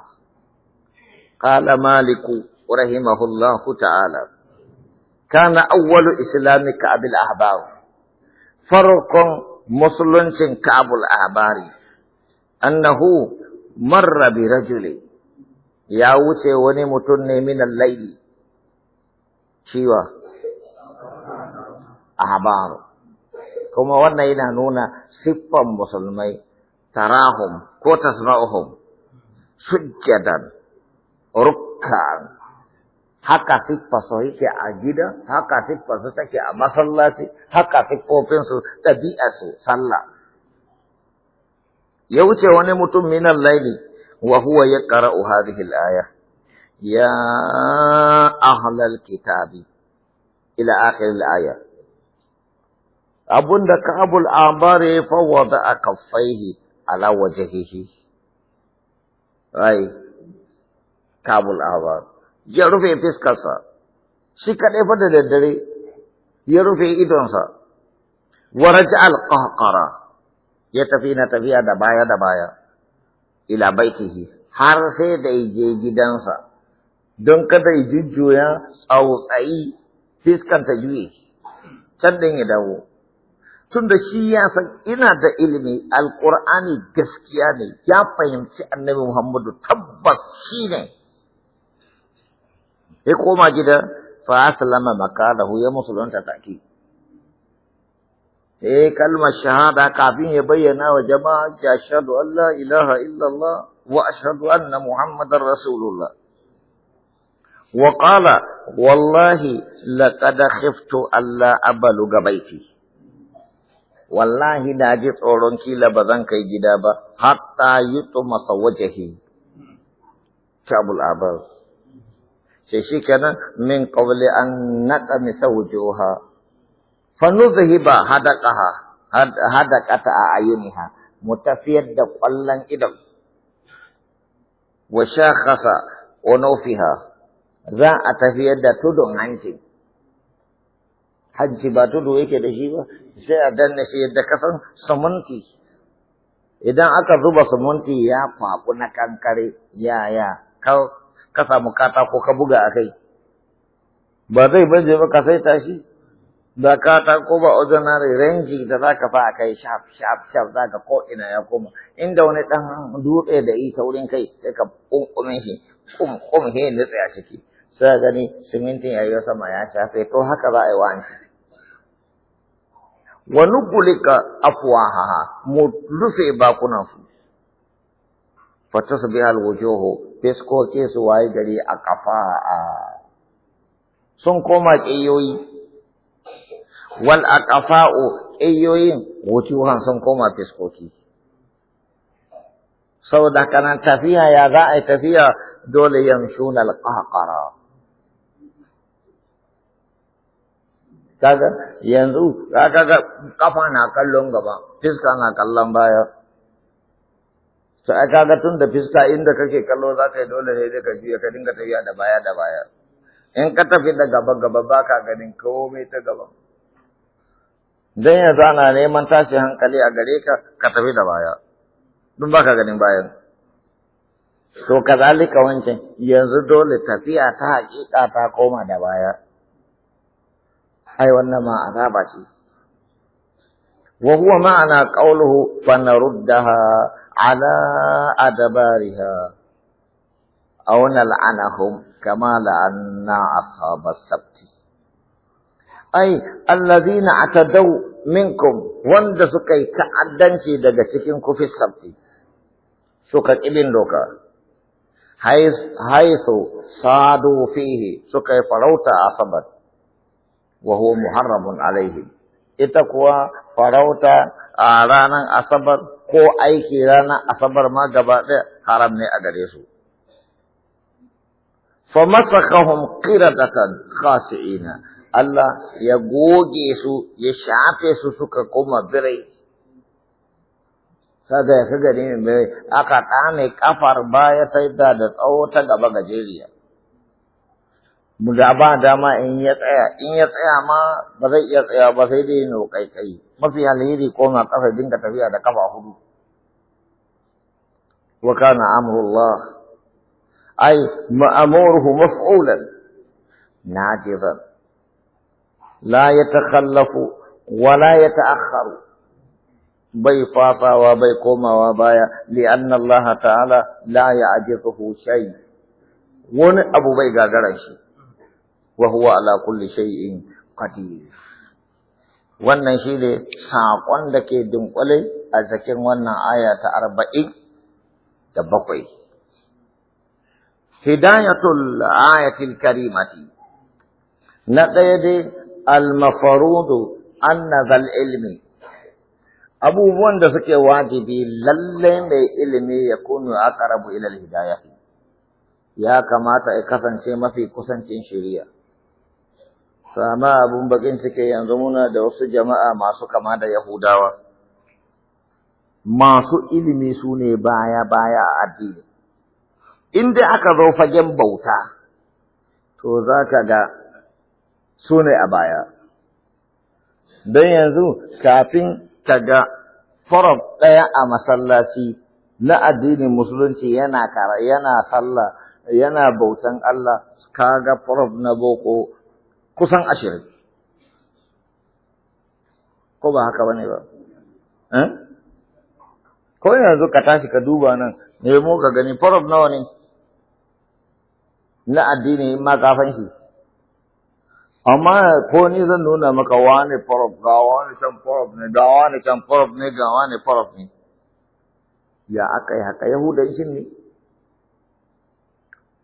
qala maliku rahimahullah ta'ala kana awwalu islamika abil ahbar farqun musuluncin kabul ahbari annahu marra bi rajuli ya wuce wani mutum ne minan laili ciwa ahbaru kuma wannan yana nuna siffan musulmai tarahum ko tasma'uhum sujjadan rukkan haka siffa su yake a gida haka siffa su take a masallaci haka siffofin su ɗabi'a su sallah ya wuce wani mutum minan laili wa huwa yaqra'u hadhihi al-aya ya ahlal kitabi ila akhir al abunda da Ambar ya fawwada a kaffaihi ala wajhihi ai kabul Ambar ya rufe fiskarsa shi kadai fa da daddare ya rufe idonsa wa raja'al qahqara ya tafi na tafiya da baya da baya ila baitihi har sai da je gidansa don kada ya jujjuya tsautsayi fiskanta juye can din ya dawo Tunda shi ya san ina da ilimi alƙur'ani gaskiya ne ya fahimci annabi Muhammadu tabbas shi ne ya koma gida fa aslama makanahu ya musulunta take eh kalmar shahada kafin ya bayyana wa jama'a ya ashhadu an la ilaha illallah wa ashhadu anna muhammadar rasulullah wa qala wallahi laqad khiftu Allah abluga baiti wallahi na ji tsoron kila ba zan kai gida ba hatta yi to masa wajahi abbas sai shi kenan min kawali an naɗa misa wujuha hadakata a hadaqaha ha, mu mutafiyad da ƙwallon idan wa sha onofi ha. za a tafiyar da tudun hancin hajji ba tudu yake da shi ba sai a danna shi yadda san samunti idan aka zuba samunti ya kwaku na kankare ya ya ka samu katako ka buga a kai ba zai banje ba ka sai tashi da katako ba ordinary range da za ka fa a kai shaf-shaf-shaf, za ka ko ya koma inda wani ɗan dutse da ita wurin kai sai ka ƙunƙumin shi ƙunƙum he nutse a ciki sai gani simintin yayi sama ya shafe to haka za a yi wani. wa nuqulika afwahaha mu rufe bakunan su fa tasbiha alwujuhu ke su waye gari a kafa sun koma kiyoyi wal aqfa'u kiyoyin wujuhan sun koma fiskoki saboda kana tafiya ya za a tafiya dole yamshuna alqahqara kaga yanzu kaga kafa na kallon gaba fiska na kallon baya to ai kaga tun da fiska inda kake kallo za ka yi dole ne dai ka juya ka dinga tafiya da baya da baya in ka tafi da gaba gaba ba ka ganin komai ta gaba dan yanzu ana neman tashi hankali a gare ka ka tafi da baya dun ba ka ganin bayan to kazalika wancan yanzu dole tafiya ta hakika ta koma da baya ai wannan ma azaba ce wa huwa ma'ana qawluhu fa naruddaha ala adbariha aw nal'anahum kama la'anna ashabas sabti ai allazina atadaw minkum wanda suka yi ta'addanci daga cikin kufis sabti suka kibin doka haisu sadu fihi suka yi farauta asabar wa huwa muharramun alaihim ita kuwa farauta a ranar asabar ko aiki ranar asabar ma gaba ɗaya haram ne a gare su fa masakahum qiradatan khasi'ina Allah ya goge su ya shafe su suka koma birai kaga ya kaga ne aka tsame kafar baya sai da tsawo ta gaba gajeriya da ba dama in ya tsaya in ya tsaya ma ba zai iya tsaya ba sai dai no kaikai mafi alheri ko na kafa dinka tafiya da kafa hudu wa kana amrullah ay ma'amuruhu maf'ulan najidan la yatakhallafu wa la yata'akhkharu bai fasawa bai komawa baya li anna Allah ta'ala la ya'jizuhu shay wani abu bai gagara shi wa huwa ala kulli shay'in qadir wannan shi ne saƙon da ke dunƙule a cikin wannan aya ta arba'in da bakwai. Hidayatul ayatil karimati na ɗaya dai almafarudu anna zal ilmi abubuwan da suke wajibi lalle mai ilimi ya kunu aqrabu ila al hidayati ya kamata ya kasance mafi kusancin shari'a sama abun bakin cike yanzu muna da wasu jama'a masu kama da Yahudawa. Masu ilimi su ne baya-baya a addini. inda aka zo fagen bauta, to za ka ga su ne a baya. Don yanzu kafin ka ga farab ɗaya a masallaci na addinin musulunci yana kara yana sallah yana bautan Allah ka ga farab na boko kusan ashirin ko ba haka bane ba eh? ko yanzu ka tashi ka duba nan nemo ka gani farab nawa ne na addini in ma kafan shi amma ko ni zan nuna maka wani farab ga wani can farab ne ga wani can farab ne ga wani farab ne ya aka yi haka shi ne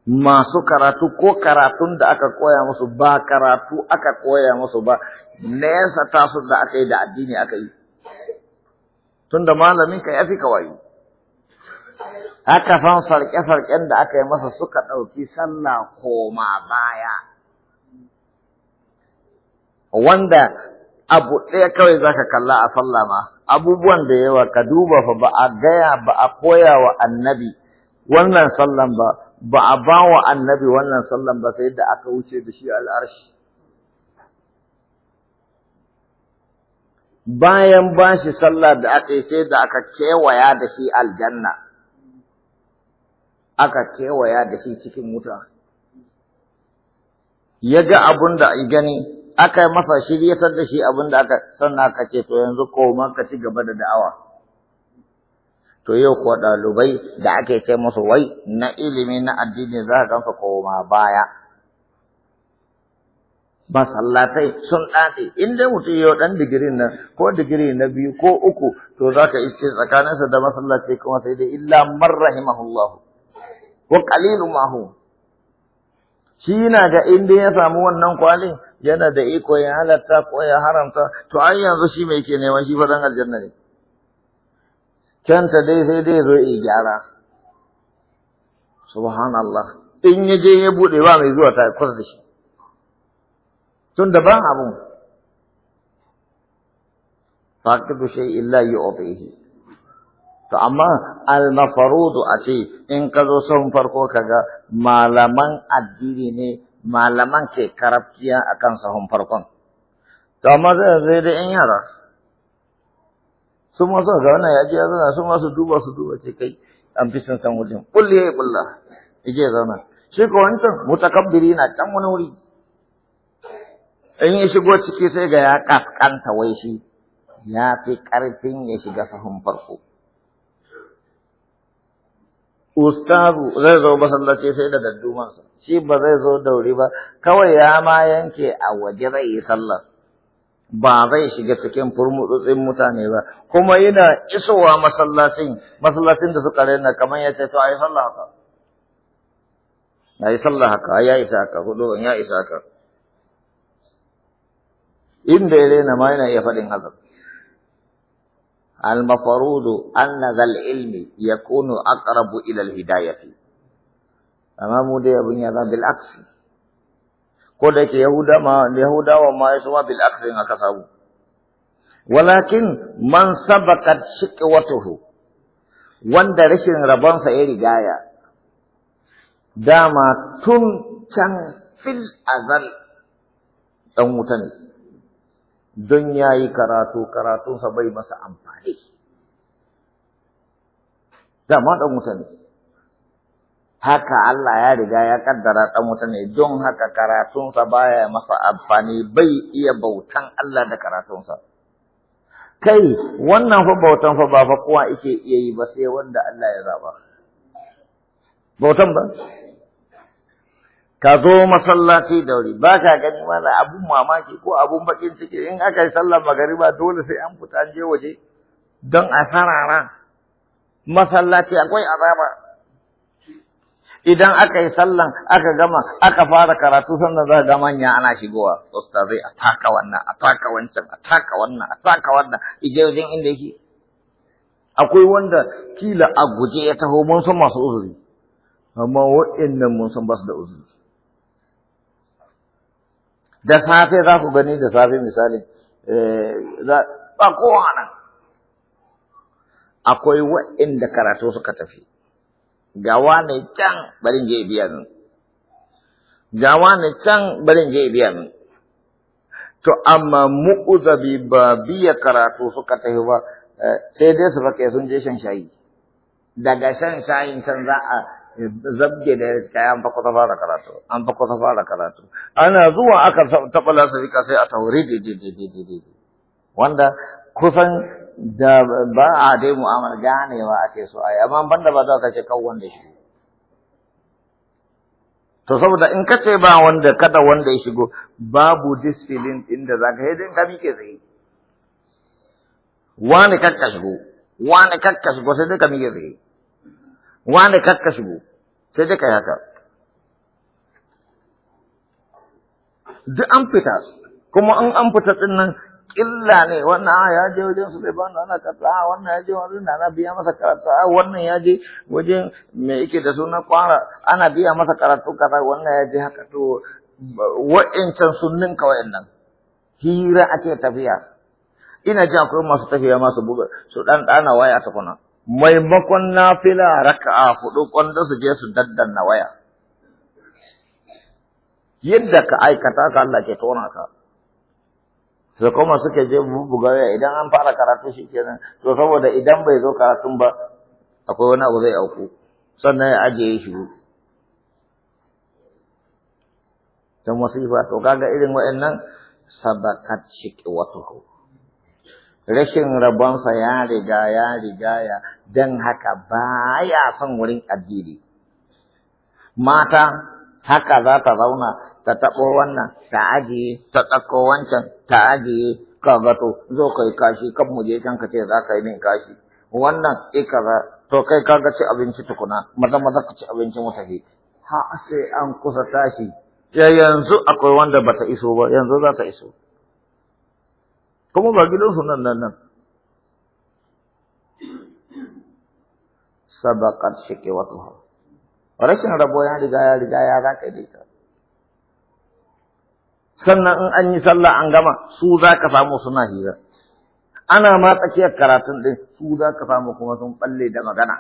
masu karatu ko karatun da aka koya musu ba karatu aka koya musu ba nesa tasu da aka yi da addini aka yi tunda malamin ka yafi kawai aka san sarƙe-sarƙen da aka yi masa suka ɗauki sallah koma baya wanda abu ɗaya kawai zaka kalla a sallah ma abubuwan da yawa ka duba fa ba a gaya ba a koya wa annabi wannan sallan ba ba a ba wa annabi wannan sallan ba sai da aka wuce da shi al'arshi. Bayan ba shi sallah da aka yi sai da aka kewaya da shi aljanna, aka kewaya da shi cikin wuta. Ya ga abin da gani, aka masa shiryatar da shi abin da aka sannan aka ce to yanzu koma ka ci gaba da da'awa. to yau kuwa ɗalibai da ake ce musu wai na ilimi na addini za ka gansa koma baya masallatai sun dace, in dai mutum yau ɗan digiri nan ko digiri na biyu ko uku to za ka iske tsakaninsa da masallaci kuma sai dai illa man wa qalilu mahu shi yana ga inda ya samu wannan kwalin yana da iko ya halatta ko ya haramta to ai yanzu shi mai ke neman shi dan aljanna ne Kyanta dai sai dai zo yi gyara. Subhanallah. In ya je ya buɗe ba mai zuwa ta kusa da shi. Tun da ban abun. Faqidu shi illa yi yi. To amma al a ce in ka zo son farko ka ga malaman addini ne malaman ke karafkiya akan sahun farkon. To amma zai zai da 'yan yara. su ma suka ga wannan ya je ya zauna su ma su duba su duba ce kai an fi son san wajen Kulli ya bulla ya je zauna shi ko wancan mutakabbiri na can wani wuri in ya shigo ciki sai ga ya kaskanta wai shi ya fi ƙarfin ya shiga sahun farko ustazu zai zo masallaci sai da daddumansa shi ba zai zo dauri ba kawai ya ma yanke a waje zai yi sallar ba zai shiga cikin furmutsutsin mutane ba kuma yana isowa masallacin masallacin da suka rena kamar ya ce to ayi sallah haka ayi sallah haka ya isa haka hudu ya isa haka da ya raina ma yana iya faɗin haka المفروض أن ذا العلم hidayati. Amma mu الهداية أمام دي bil aksi ko da yake yahuda ma yahudawa ma ya suma bil aksin aka samu walakin man sabaqat shiqwatuhu wanda rashin rabonsa ya rigaya dama tun can fil azal dan wuta ne don yayi karatu karatunsa bai masa amfani dama dan wuta ne haka Allah ya riga ya kaddara ɗan wuta ne don haka karatunsa baya masa amfani bai iya bautan Allah da karatunsa. Kai wannan fa bautan fa ba fa kowa yake iya yi ba sai wanda Allah ya zaba. Bautan ba? Ka zo masallaci da wuri ba ka gani mana abun mamaki ko abun bakin ciki in aka yi sallar magariba dole sai an fita an je waje don a sarara masallaci akwai azaba. idan aka yi sallan aka gama aka fara karatu sannan za ga manya ana shigowa ustazai a taka wannan a taka wancan a taka wannan a taka wannan ije wajen inda yake akwai wanda kila a guje ya taho mun san masu uzuri amma waɗannan mun san ba su da uzuri da safe za ku gani da safe misali eh, ba kowa nan akwai waɗanda karatu suka tafi gawa ne can barin je biya min gawa ne can barin je biya min to amma mu'uzabi ba biya karatu suka tafi eh, ba sai dai su fake sun je shan shayi daga shan shayin can za a eh, zabge da kaya an fako kusa fara karatu an fako kusa fara karatu ana zuwa aka taɓa lasarika sai a tauri wanda kusan da ba a dai mu'amala ganewa ake so ai amma banda ba za ka ce kawo wanda shi to saboda in ka ce ba wanda kada wanda ya shigo babu disfilin inda za ka yi din ka miƙe tsaye wani kakka shigo wani kakka shigo sai dai ka miƙe tsaye wani kakka shigo sai dai ka yi haka duk an fita kuma in an fita din nan Illa ne wannan ya je wajen Sulaiman bai bani wannan ya je wajen ana biya masa karatu wannan ya je wajen me yake da sunan kwara ana biya masa karatu kaza wannan ya je haka to wa'ancan sunnin kawai nan hira ake tafiya ina ji akwai masu tafiya masu buga su dan dana waya ta kuna maimakon nafila raka'a hudu kwanda su je su daddanna waya yadda ka aikata ka Allah ke tona ka su kuma suka je buga idan an fara karatu shi kenan to saboda idan bai zo karatun ba akwai wani abu zai auku sannan ya ajiye shi Ta masifa to kaga irin wa'annan sabakat wato rashin rabonsa ya riga ya riga ya don haka baya son wurin addini mata haka za ta zauna ta taɓo wannan ta ajiye ta ɗauko wancan ta ajiye ka gato zo kai kashi kan mu je can ka ce za ka yi min kashi wannan e kaza to kai ka ga ci abinci tukuna maza maza ka ci abinci mu tafi ha sai an kusa tashi ya yanzu akwai wanda bata iso ba yanzu za ta iso kuma ba gidan su nan nan nan sabaqat shiqwatuha rashin rabo ya riga ya riga ya za ka daita sannan in an yi sallah an gama su za ka samu suna hira ana ma tsakiyar karatun ɗin su za ka samu kuma sun balle da magana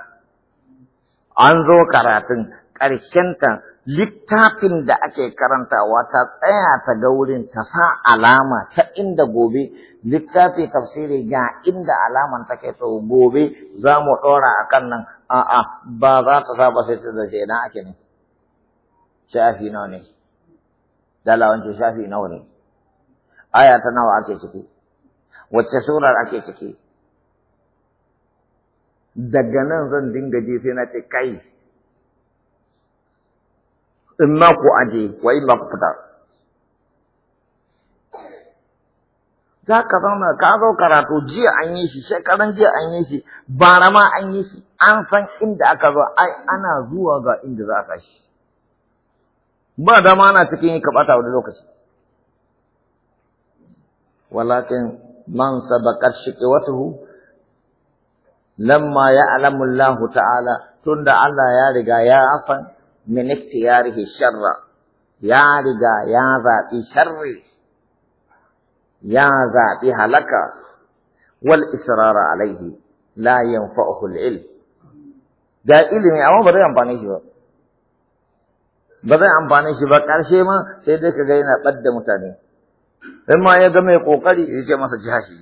an zo karatun ta littafin da ake karantawa ta tsaya ta ga wurin ta sa alama ta inda gobe littafi tafsiri ga inda alaman ta kai so gobe za mu ɗora a kan nan a'a ba za ta sa ba sai ta zaje na ake ne shafi nawa ne dalawance shafi nawa ne aya ta nawa ake ciki wacce surar ake ciki daga nan zan dinga ji sai na ce kai in ma ku aje wa in ku fita za ka zauna ka zo karatu jiya an yi shi shekaran jiya an yi shi bara ma an yi shi an san inda aka zo ai ana zuwa ga inda za a shi ba dama ana cikin yi kaɓata wani lokaci walakin man wata hu? lamma ya'lamu lahu ta'ala tunda Allah ya riga ya san min ikhtiyarihi sharra ya riga ya zaɓi sharri ya zaɓi halaka wal israra alaihi la yanfa'uhu al-ilm da ilimi amma ba zai amfane shi ba ba zai amfane shi ba ƙarshe ma sai dai kaga yana ɓadda mutane in ma ya ga mai ƙoƙari ya ce masa jiha shi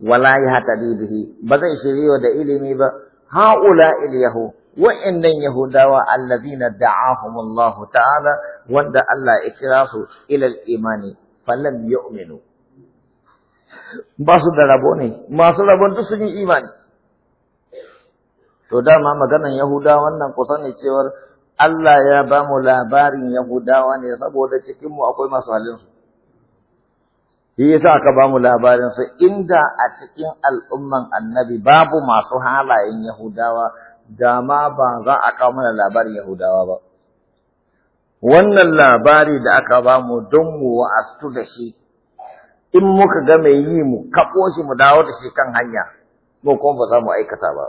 wala ya hata bihi ba zai shirya da ilimi ba ha'ula ilyahu wa'annan yahudawa allazina da'ahumullahu ta'ala wanda Allah ya kira su ila imani falam yu'minu ba su da rabo ne masu rabon duk sun yi imani to dama maganan yahudawa wannan kusa ne cewar Allah ya ba mu labarin yahudawa ne saboda cikin mu akwai masu halin su shi yasa aka ba mu labarin su inda a cikin al'umman annabi babu masu halayen yahudawa Dama ba za a kawo mana labarin Yahudawa ba. Wannan labari da aka ba mu don mu wa'astu da shi, in muka ga mai yi mu kaɓo shi mu dawo da shi kan hanya, mu kuma ba za mu aikata ba.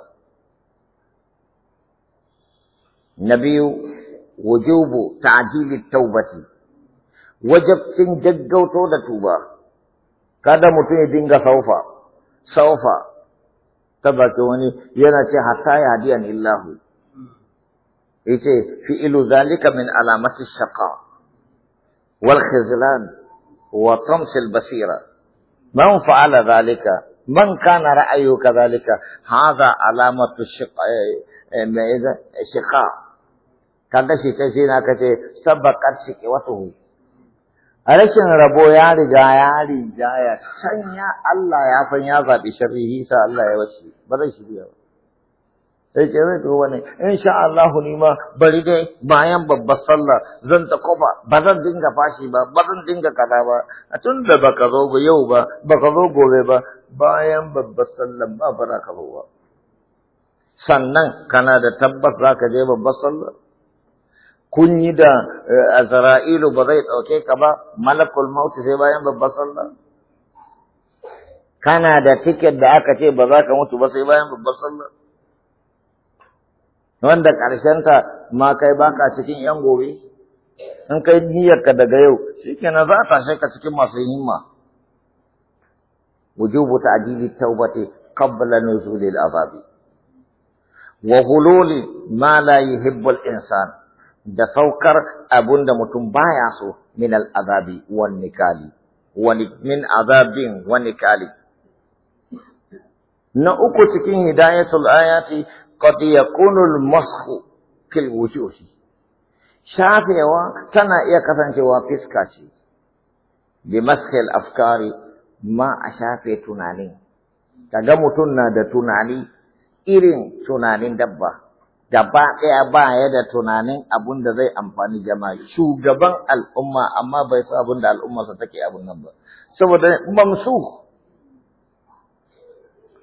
Na biyu, wujubu ta'jili taubati, wajabcin gaggauto da tuba, kada mutum ya dinga saufa, saufa, ta baki wani yana ce hatta ya hadiyan illahu yace fi'lu zalika min alamati shaqa wal khizlan wa tams al basira man fa'ala zalika man kana ra'ayu kadhalika hadha alamatu shaqa ma idha shaqa kada shi ta sai na kace sabaqat shiqwatuhu rashin rabo ya riga ya riga can ya Allah ya san ya zaɓi sharrihi sa Allah ya wace ba zai shirya ba sai ke zai to wani in sha Allah ni ma bari dai bayan babbar sallah zan ta kofa ba zan dinga fashi ba ba zan dinga kaza ba a tun da baka zo yau ba baka zo gobe ba bayan babbar sallah ba ba za sannan kana da tabbas za ka je babbar sallah kun yi da eh, azra'ilu ba zai ɗauke ka ba malakul mauti sai bayan babbar sallah kana da tiket da aka ce ba za ka mutu ba sai bayan babbar sallah wanda ta ma kai baka cikin yan gobe in kai niyyarka daga yau shi kenan za ta sai ka cikin masu himma wujubu ta'jili tawbati qabla nuzulil azabi wa hululi ma la yuhibbul insan da saukar abun da mutum baya so min al'azabi wan nikali min azabin wan nikali na uku cikin hidayatul ayati qad yakunu al-mashu fil wujuhi shafewa tana iya kasancewa fiska ce bi maskil afkari ma a shafe tunanin kaga mutum na da tunani irin tunanin dabba gaba ɗaya ba ya da tunanin abun da zai amfani jama'a shugaban al'umma amma bai san abun da al'ummarsa take abun nan ba saboda mamsu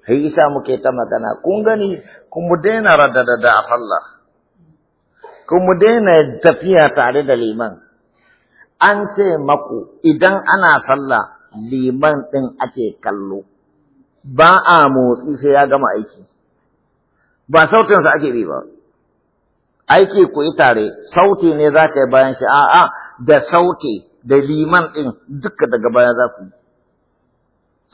sai isa muke ta magana kun gani kun mu daina radada da sallah kun mu daina tafiya tare da liman an ce maku idan ana sallah liman ɗin ake kallo ba a motsi sai ya gama aiki ba sautinsa ake bi ba aiki ku yi tare sauti ne za ka yi bayan shi a'a da sauti da liman ɗin duka daga baya za ku yi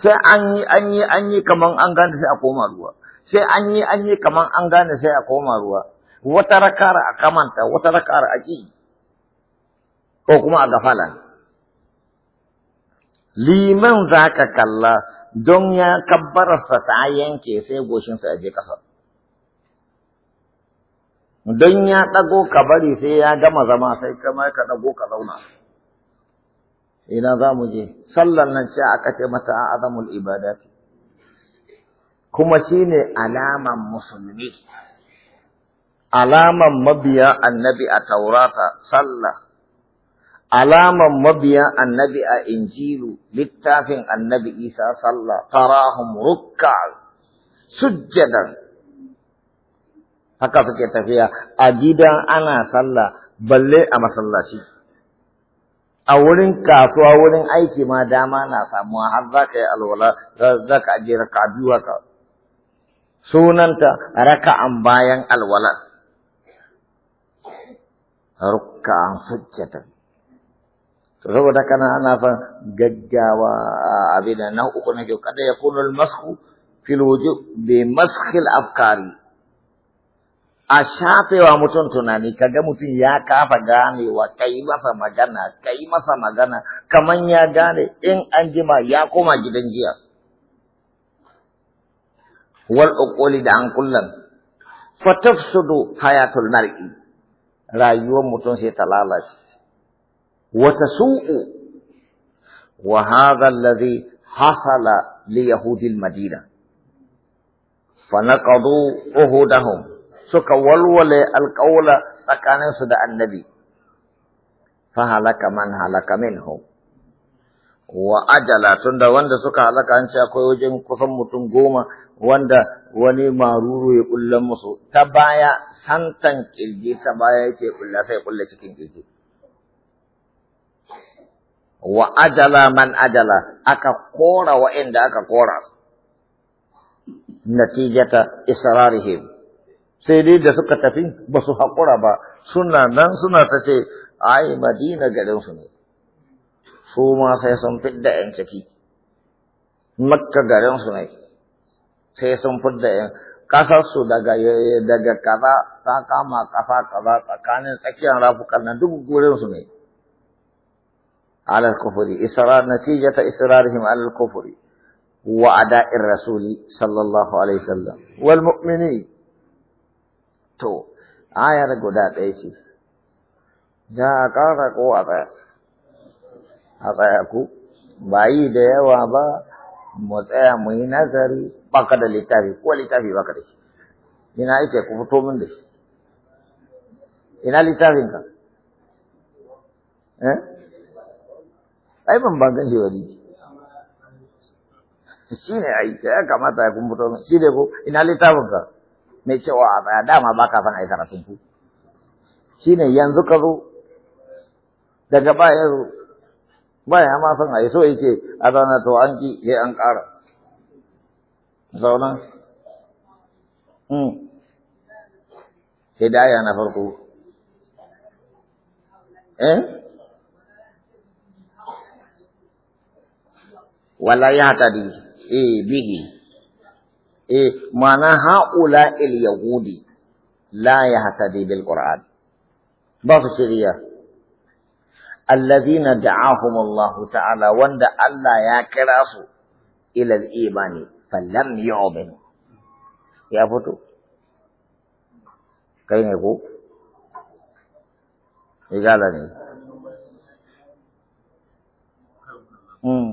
sai an yi an yi an yi kaman an gane sai a koma ruwa sai an yi an yi kaman an gane sai a koma ruwa wata rakara a kamanta wata rakara a ƙi ko kuma a gafala liman za ka kalla don ya kabbararsa ta yanke sai goshinsa ya je ƙasa don ya ɗago ka bari sai ya gama zama sai kama ka ɗago ka zauna ina za mu je sallan nan ce aka ce mata a azamul ibadati kuma shi ne alaman musulmi alaman mabiya annabi a taurata sallah alaman mabiya annabi a injilu littafin annabi isa sallah tarahum rukka sujjadan haka suke tafiya a gida ana sallah balle a masallaci a wurin kasuwa wurin aiki ma dama na samuwa har za ka yi alwala za ka ajiye raka biyu haka sunanta raka'an bayan alwala an sujjatan to saboda kana ana son gaggawa abin nan uku nake kada ya kunu al-mashu fil wujub bi mashil afkari a shafewa mutum tunani kaga mutum ya kafa ganewa kai masa magana kai masa magana kamar ya gane in an jima ya koma gidan jiya wal da an kullan fatafsudu hayatul mar'i rayuwar mutum sai ta lalace wata su'u wa hadha alladhi hasala li yahudil madina fa uhudahum suka walwale alƙawla tsakaninsu da annabi Fa halaka man halaka minhum wa ajala tunda wanda suka halaka an ce akwai wajen kusan mutum goma wanda wani maruru ya kulla musu ta baya santan kirji ta baya yake kulla sai kulla cikin kirji wa ajala man ajala aka kora wa'inda aka kora natijata israrihim sai dai da suka tafi ba su haƙura ba suna nan suna ta ce ai madina garinsu ne su ma sai sun fidda yan ciki makka garinsu ne sai sun fidda yan ƙasarsu daga daga kaza ta kama ƙasa kaza tsakanin tsakiyar rafukan nan duk gurinsu ne على الكفر ta نتيجة alal على الكفر وأداء الرسول صلى الله عليه وسلم والمؤمنين to ayar guda ɗaya ce za a ƙara ko a tsaya a tsaya ku ba yi da yawa ba mu tsaya mu yi nazari baka da littafi ko littafi baka da shi ina yake ku fito min da shi ina littafin ka eh ai ban bangan shi wani shi ne ai ya kamata ya kun fito shi ne ko ina littafin ka mai cewa a tsaya dama ba ka san a yi karatun ku shi ne yanzu ka zo daga baya zo baya ma san a yi so yake a zana to an ki sai an ƙara zauna hmm. hidaya na farko eh wala ya tadi eh bihi eh ma'ana haula il yahudi la yahtadi bil qur'an ba su shiriya allazina da'ahum Allah ta'ala wanda Allah ya kira su ila al-imani falam yu'min ya fito kai ne ko igala ne mm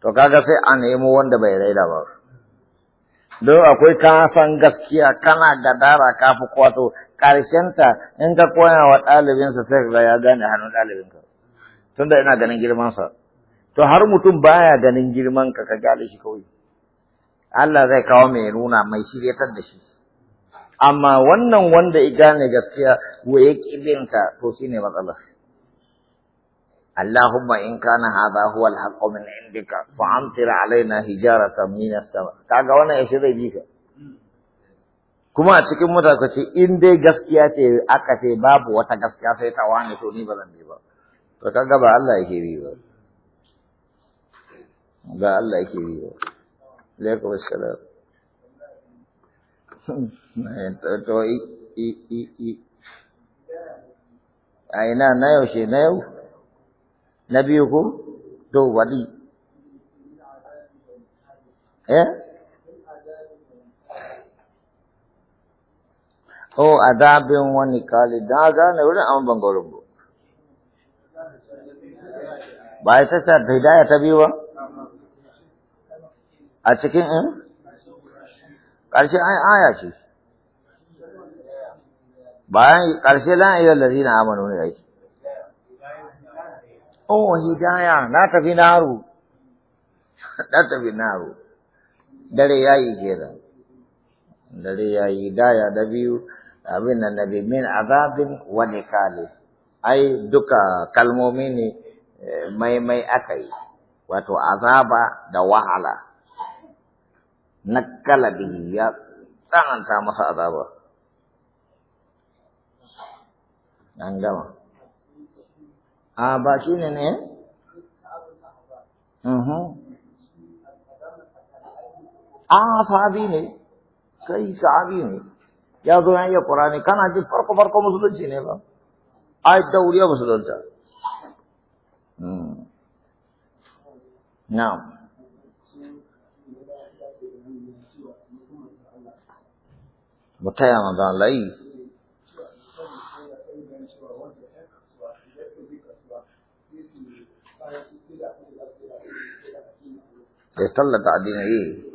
to kaga sai a nemo wanda bai raina ba don akwai kasan gaskiya kana gadara ka fi kwato ƙarshenta in ka koya wa ɗalibinsa sai ka ya gane hannun ɗalibinka tunda ina ganin girmansa to har mutum baya ganin girman ka ka gane shi kawai Allah zai kawo mai nuna mai shiryatar da shi amma wannan wanda ya gane gaskiya wa ya ƙibinta to shine matsalar اللهم إن كان هذا هو الحق من عندك فأمطر علينا هجارة من السماء kaga wannan yaushe zai bi ka kuma a cikin mutakaci in dai gaskiya ce aka ce babu wata gaskiya sai ta wani to ni ba bi ba to kaga ba Allah yake bi ba ba Allah yake bi ba alaikum assalam to i i i na yaushe na yau na biyu ko to wali eh Oh! adabin wani kali da gane wurin amma ban gaurin ba ba ita ta hidaya ta biyu ba a cikin in ƙarshen aya ce bayan ƙarshe lan ayyuhal ladina amanu ne ai oh hidaya na tafi naru na tafi naro dare yayi kenan dare yayi hidaya da biyu abin nan nabi min azabin wa nikali ai duka kalmomi ne eh, mai mai aka yi wato azaba da wahala nakala bihi ya tsananta masa azaba an gama a ba shi ne ne a sahabi ne kai sahabi ne ya zo ya iya ƙurani kana ji farko farko musulunci ne ba a da wuriya musulunta hmm. na'am mu taya manzon Allah yi kai tallata addini yi eh.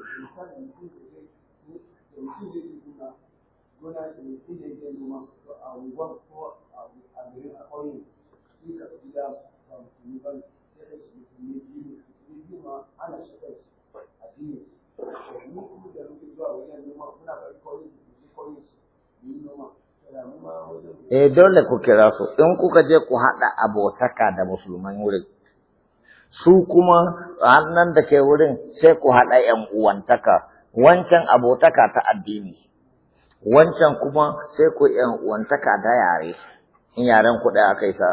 eh dole ku kira su, in kuka je ku haɗa abotaka da musulman wurin. su kuma hannun da ke wurin sai ku haɗa ‘yan uwantaka, wancan abotaka ta addini, wancan kuma sai ku ‘yan uwantaka da yare, in yaren ku ɗaya kai sa.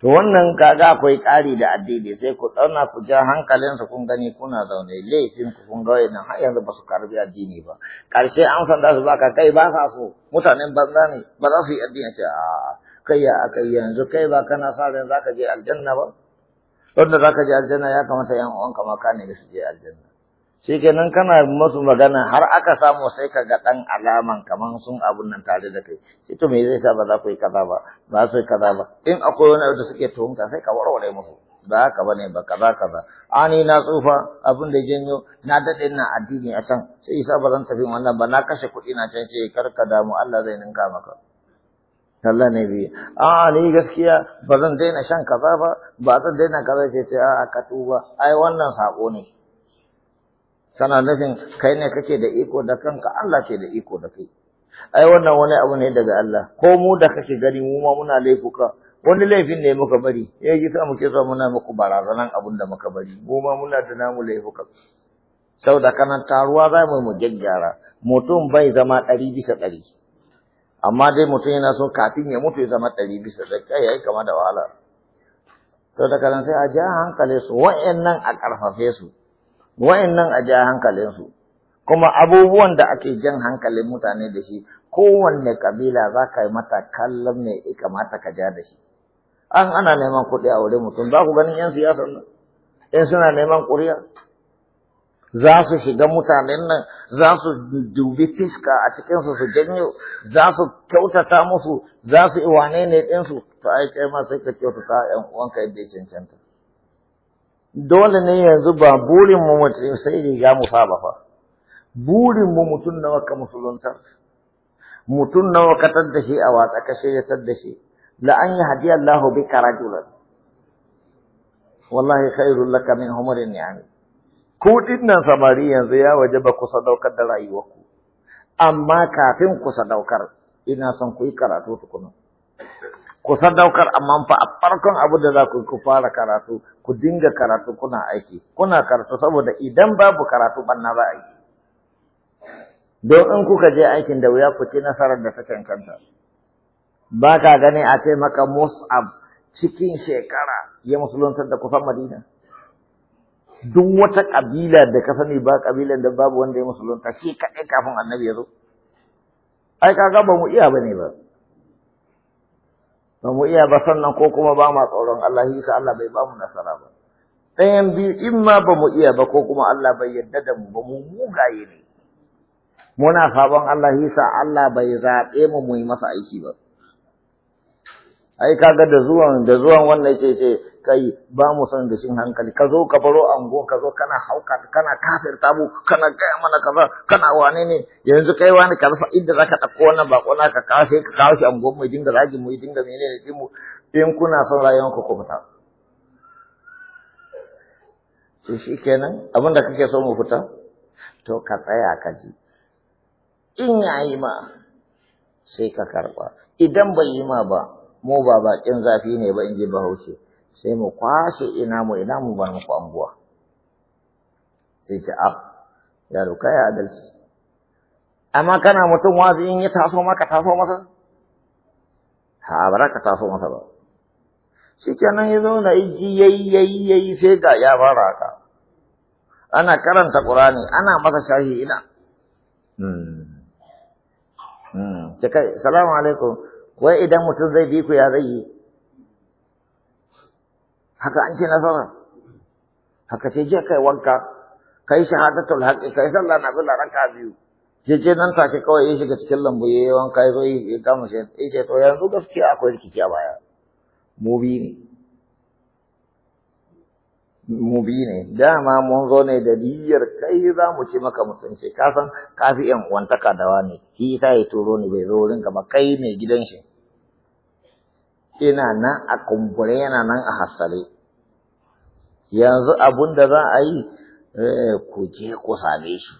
To wannan kaga akwai ƙari da addini sai ku ɗauna ku ja hankalinsa kun gani kuna zaune laifin ku kun gawai nan, har yanzu ba su karbi addini ba. Ƙarshe an san za su baka kai ba sa so mutanen banza ne ba za su yi addini ce a kai ya akai yanzu kai ba kana sa ran za ka je aljanna ba. wanda za ka je aljanna ya kamata yan uwanka ma ka ne su je aljanna shi kenan kana masu magana har aka samu sai ka ga dan alaman kaman sun abun nan tare da kai sai to me zai sa ba za ku yi kaza ba ba su kaza ba in akwai wani abu da suke tuhumta sai ka warware musu ba haka bane ba kaza kaza ani na tsufa abin da janyo na dade na addini a can sai isa ba zan tafi wannan ba na kashe kuɗi na can sai kar ka damu Allah zai ninka maka Allah ne biya. a ni gaskiya ba zan daina shan kaza ba ba zan daina kaza ce ce a ka tuba ai wannan sako ne kana nufin kai ne kake da iko da kanka Allah ce da iko da kai ai wannan wani abu ne daga Allah ko mu da kake gani mu ma muna laifuka wani laifin ne muka bari ya ji sa muke so muna muku barazanan abunda da muka bari mu ma muna da namu laifuka da kana taruwa za mu mu gyaggyara mutum bai zama ɗari bisa ɗari amma dai mutum yana so kafin ya mutu ya zama ɗari bisa da kai ya yi kama da wahala to da kalan sai a ja hankali su wa'annan a ƙarfafe su wa'annan a ja hankalin su kuma abubuwan da ake jan hankalin mutane da shi kowanne kabila za ka yi mata kallon ne ya kamata ka ja da shi an ana neman kuɗi a wurin mutum za ku ganin yan siyasar nan yan suna neman ƙuri'a za su shiga mutanen nan za su dubi fiska a cikinsu su janyo za su kyautata musu za su wane ne ɗinsu to ai kai ma sai ka kyautata ‘yan uwanka yadda ya cancanta dole ne yanzu ba burin mu mutum sai riga mu saba fa burin mu mutum nawa ka musuluntar mutum nawa ka tadda a watsa ka ya tadda shi la an yi hadiya Allahu bi wallahi khairul laka min humurin ni'ami kuɗin nan samari yanzu ya waje ba ku sadaukar da rayuwarku amma kafin ku sadaukar ina son ku yi karatu tukuna ku sadaukar amma fa a farkon abu da za ku ku fara karatu ku dinga karatu kuna aiki kuna karatu saboda idan babu karatu banna za a yi don in kuka je aikin da wuya ku ci nasarar da ta cancanta ba ka gani a ce maka mus'ab cikin shekara ya musuluntar da kusan madina duk wata kabila da ka sani ba kabilan da babu wanda ya musulunta shi kaɗai kafin annabi ya zo ai kaga ba mu iya bane ba ba mu iya ba sannan ko kuma ba ma tsoron Allah shi sa Allah bai ba mu nasara ba ɗayan biyu in ma ba mu iya ba ko kuma Allah bai yarda da mu ba mu mugaye ne muna sabon Allah shi sa Allah bai zaɓe mu mu yi masa aiki ba ai kaga da zuwan da zuwan wannan ce ce kai ba mu son gashin hankali ka zo ka baro ango ka zo kana hauka kana kafir mu kana gaya mana kaza kana wane ne yanzu kai wani ka rufa inda zaka ɗauko wannan bako naka ka sai ka kawo shi ango mu dinga zagi mu dinga menene din mu in kuna son rayuwar ku fita to shi kenan abin da kake so mu fita to ka tsaya ka ji in yayi ma sai ka karba idan bai yi ma ba mu ba bakin zafi ne ba in ji bahaushe sai mu kwashe ina mu ina mu bar muku anguwa sai ce ab ya roka ya adalci amma kana mutum wazi in ya taso maka taso masa ha bara ka taso masa ba shi kenan ya zo na iji yayi yayi yayi sai ga ya fara haka ana karanta qur'ani ana masa shahi ina hmm hmm kai salamu alaikum wai idan mutum zai bi ku ya zai yi haka an ce nasara haka ce je kai wanka kai shahadatul haqqi kai sallah na bila raka biyu je je nan take kawai ya shiga cikin lambu ya yi wanka ya zo ya gama shi ya ce to yanzu gaskiya akwai rikici a baya mu biyu ne mu ne dama mun zo ne da niyyar kai za mu ce maka mutunci ka san ka yan uwantaka da wani shi yasa ya turo ni bai zo wurin ka ba kai mai gidan shi ina nan a kumbure yana nan a hassale yanzu abun da za a yi eh, ku je ku same shi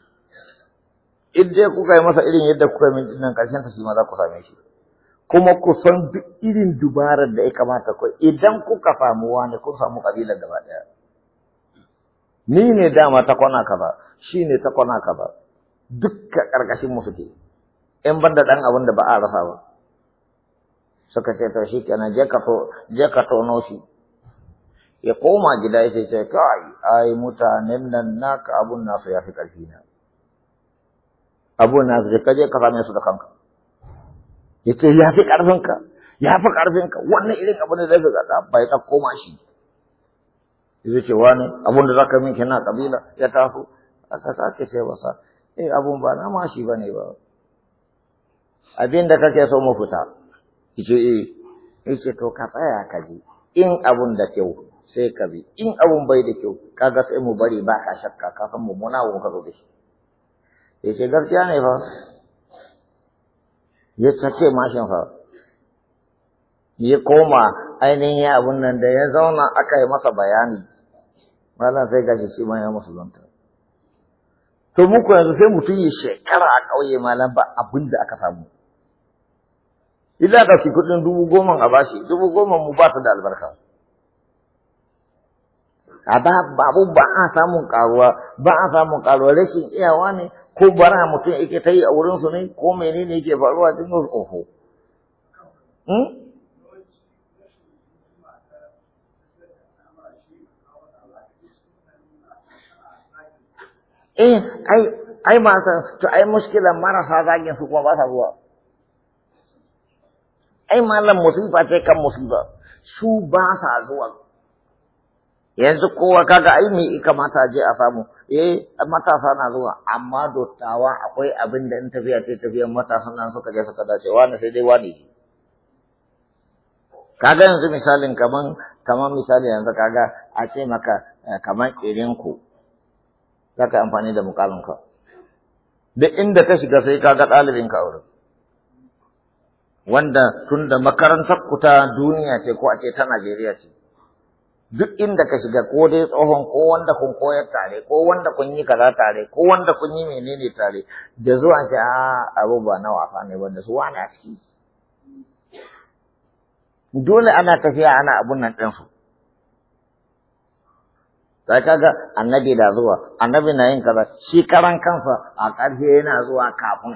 in dai kuka yi masa irin yadda kuka yi min dinnan karshen ta shi ma za ku same shi kuma ku san duk irin dubarar da ya kamata ku idan kuka samu wani kun samu kabilar gaba daya ni ne dama ta kwana kaza shi ne ta kwana kaza dukka karkashin mu suke in ban da dan abin da ba a rasa ba suka ce to shi kenan je ka to je ka tono shi ya koma gida ya ce kai ai mutanen nan naka abun nasu ya fi ƙarfi na abun nasu je kaje ka same su da kanka yace ya fi ƙarfinka ya fi ƙarfinka wannan irin abun da zai ga bai ta koma shi yace ce wani abun da zaka min kina kabila ya taso aka sake ce masa eh abun ba na shi bane ba abin da kake so mu fita yace eh yace to ka tsaya ka ji in abun da kyau sai ka bi in abun bai da kyau kaga sai mu bari ba ka shakka ka san mu muna ka zo da ya ce gaskiya ne fa ya sake mashin fa ya koma ainihin abun nan da ya zauna aka yi masa bayani malam sai gashi shi ma ya musulunta to muku yanzu sai mutum ya shekara a ƙauye malam ba abin da aka samu illa fi kuɗin dubu goma a bashi dubu goma mu ba ta da albarka a ba babu ba a samun karuwa ba a samun karuwa rashin iyawa ne ko bara mutum yake ta yi a wurin su ne ko ne yake faruwa din oho hmm? eh ai ai sa to ai muskilan marasa zagin su kuma ba sa zuwa ai malam musifa ce kan musiba su ba sa zuwa yanzu kowa kaga ai me mata je a samu eh matasa na zuwa amma dottawa akwai abin da in tafiya ce tafiya matasan nan suka je suka dace wani sai dai wani kaga yanzu misalin kaman kaman misali yanzu kaga a ce maka eh, kaman irin ku zaka amfani da mukalin ka duk inda ka shiga sai kaga ɗalibin ka aure wanda tunda makarantar ku ta duniya ce ko a ce ta Najeriya ce duk inda ka shiga ko dai tsohon ko wanda kun koyar tare ko wanda kun yi kaza tare ko wanda kun yi menene tare da zuwa shi a ah, abu ba na wasa ne ba da su wani a ciki dole ana tafiya ana abun nan su. sai kaga annabi da zuwa annabi na yin kaza shi karan kansa a ƙarfe yana zuwa kafin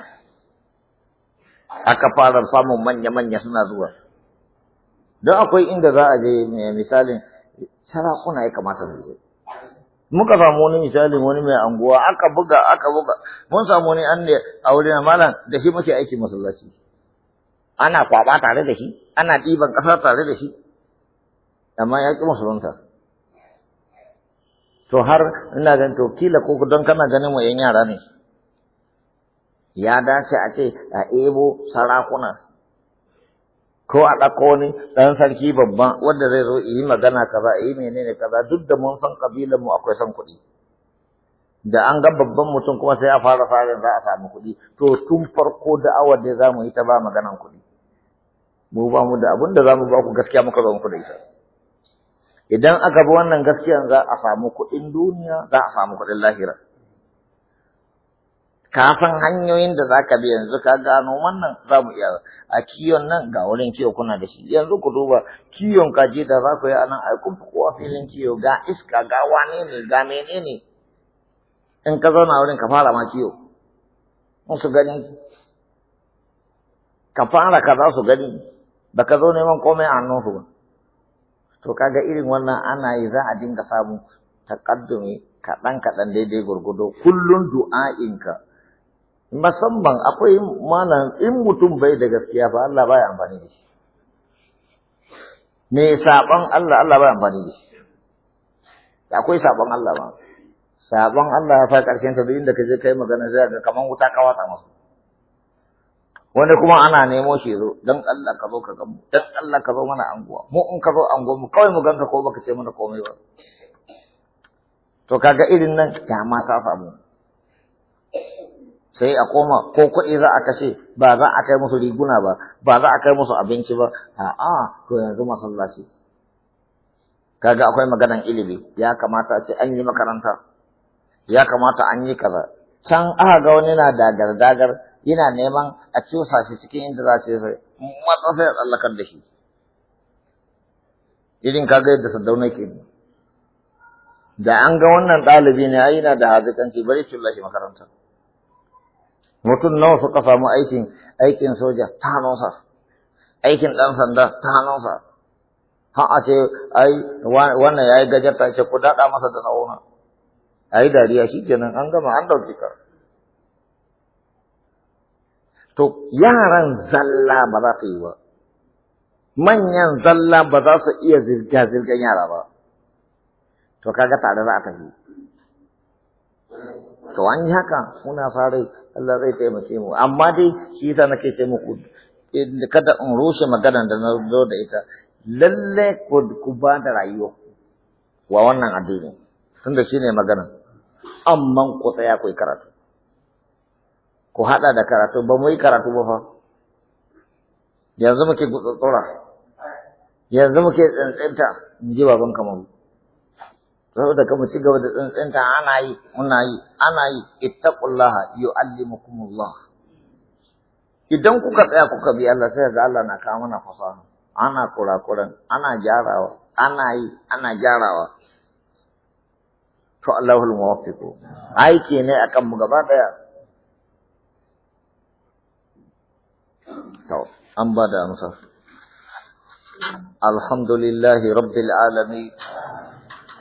aka fara samun manya-manya suna zuwa don akwai inda za a je misalin sarakuna ya kamata mu je muka samu wani misalin wani mai anguwa aka buga aka buga mun samu wani an da aure na malam da shi muke aiki masallaci ana kwaba tare da shi ana ɗiban ƙasa tare da shi amma ya ƙi musulunta to har ina ganin to kila ko don kana ganin mu yan yara ne ya dace a ce a ebo sarakuna ko a ɗako wani ɗan sarki babban wanda zai zo yi magana kaza yi menene kaza duk da mun san kabilan mu akwai son kuɗi da an ga babban mutum kuma sai a fara sarin za a samu kuɗi to tun farko da awa da za mu yi ta ba maganan kuɗi mu ba mu da abin da za mu ba ku gaskiya muka zo muku da ita idan aka bi wannan gaskiyan za a samu kuɗin duniya za a samu kuɗin lahira ka san hanyoyin da za ka bi yanzu ka gano wannan za mu iya a kiyon nan ga wurin kiyo kuna da shi yanzu ku duba kiyon kaji da za ku yi a nan ai kun fi kowa filin kiyo ga iska ga wane ne ga mene ne in ka zauna wurin ka fara ma kiyo in su gani ka fara ka za su gani ba ka zo neman komai a su ba to kaga irin wannan ana yi za a dinga samu takaddumi kaɗan kaɗan daidai gurgudo kullum du'a'inka musamman akwai mana in mutum bai da gaskiya fa Allah baya amfani da shi me sabon Allah Allah baya amfani da shi akwai sabon Allah ba sabon Allah ya fa karshen ta duk inda ka je kai magana zai ga kaman wuta ka wasa musu wani kuma ana nemo shi zo dan Allah ka zo ka gamu dan Allah ka zo mana anguwa mu in ka zo anguwa mu kawai mu ganka ko baka ce mana komai ba to kaga irin nan dama ta samu sai a koma ko kuɗi za a kashe ba za a kai musu riguna ba ba za a kai musu abinci ba a'a to yanzu masallaci kaga akwai maganan ilimi ya kamata sai an yi makaranta ya kamata an yi kaza can aka ga wani na dagar dagar yana neman a cusa shi cikin inda za su yi matsa sai a tsallakar da shi irin kaga yadda Saddaunai ke da an ga wannan ɗalibi ne ai yana da hazikanci bari culla shi makaranta mutum nawa suka samu aikin aikin soja ta hannunsa aikin ɗan sanda ta hannunsa har a ce ai wannan ya yi gajarta ce ku daɗa masa da tsawona a yi dariya shi kenan an gama an ɗauki ka to yaran zalla ba za su yi ba manyan zalla ba za su iya zirga-zirgan yara ba to kaga tare za a tafi to an yi haka muna sa Allah zai taimake mu amma dai shi yasa nake ce muku kada in rushe magana da na zo da ita lalle ku ba da rayuwa wa wannan addini tunda shine magana amma ku tsaya ku karatu ku hada da karatu ba mu yi karatu ba fa yanzu muke gutsutsura yanzu muke tsantsanta in ji baban mu. saboda ka mu ci gaba da tsantsanta ana yi muna yi ana yi ittaqullaha yu'allimukumullah idan kuka tsaya kuka bi Allah sai ga Allah na kawo mana fasaha ana kurakuran ana gyarawa ana yi ana gyarawa to Allahul muwaffiq aiki ne akan mu gaba daya to an bada amsa alhamdulillahi rabbil alamin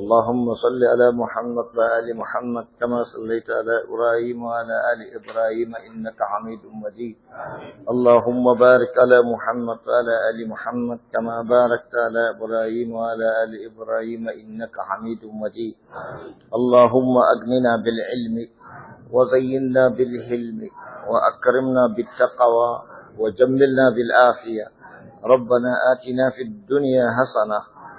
اللهم صل على محمد وآل محمد كما صليت على إبراهيم وعلى آل إبراهيم إنك حميد مجيد اللهم بارك على محمد وعلى آل محمد كما باركت على إبراهيم وعلى آل إبراهيم إنك حميد مجيد اللهم أغننا بالعلم وزينا بالحلم وأكرمنا بالتقوى وجملنا بالآخية ربنا آتنا في الدنيا حسنة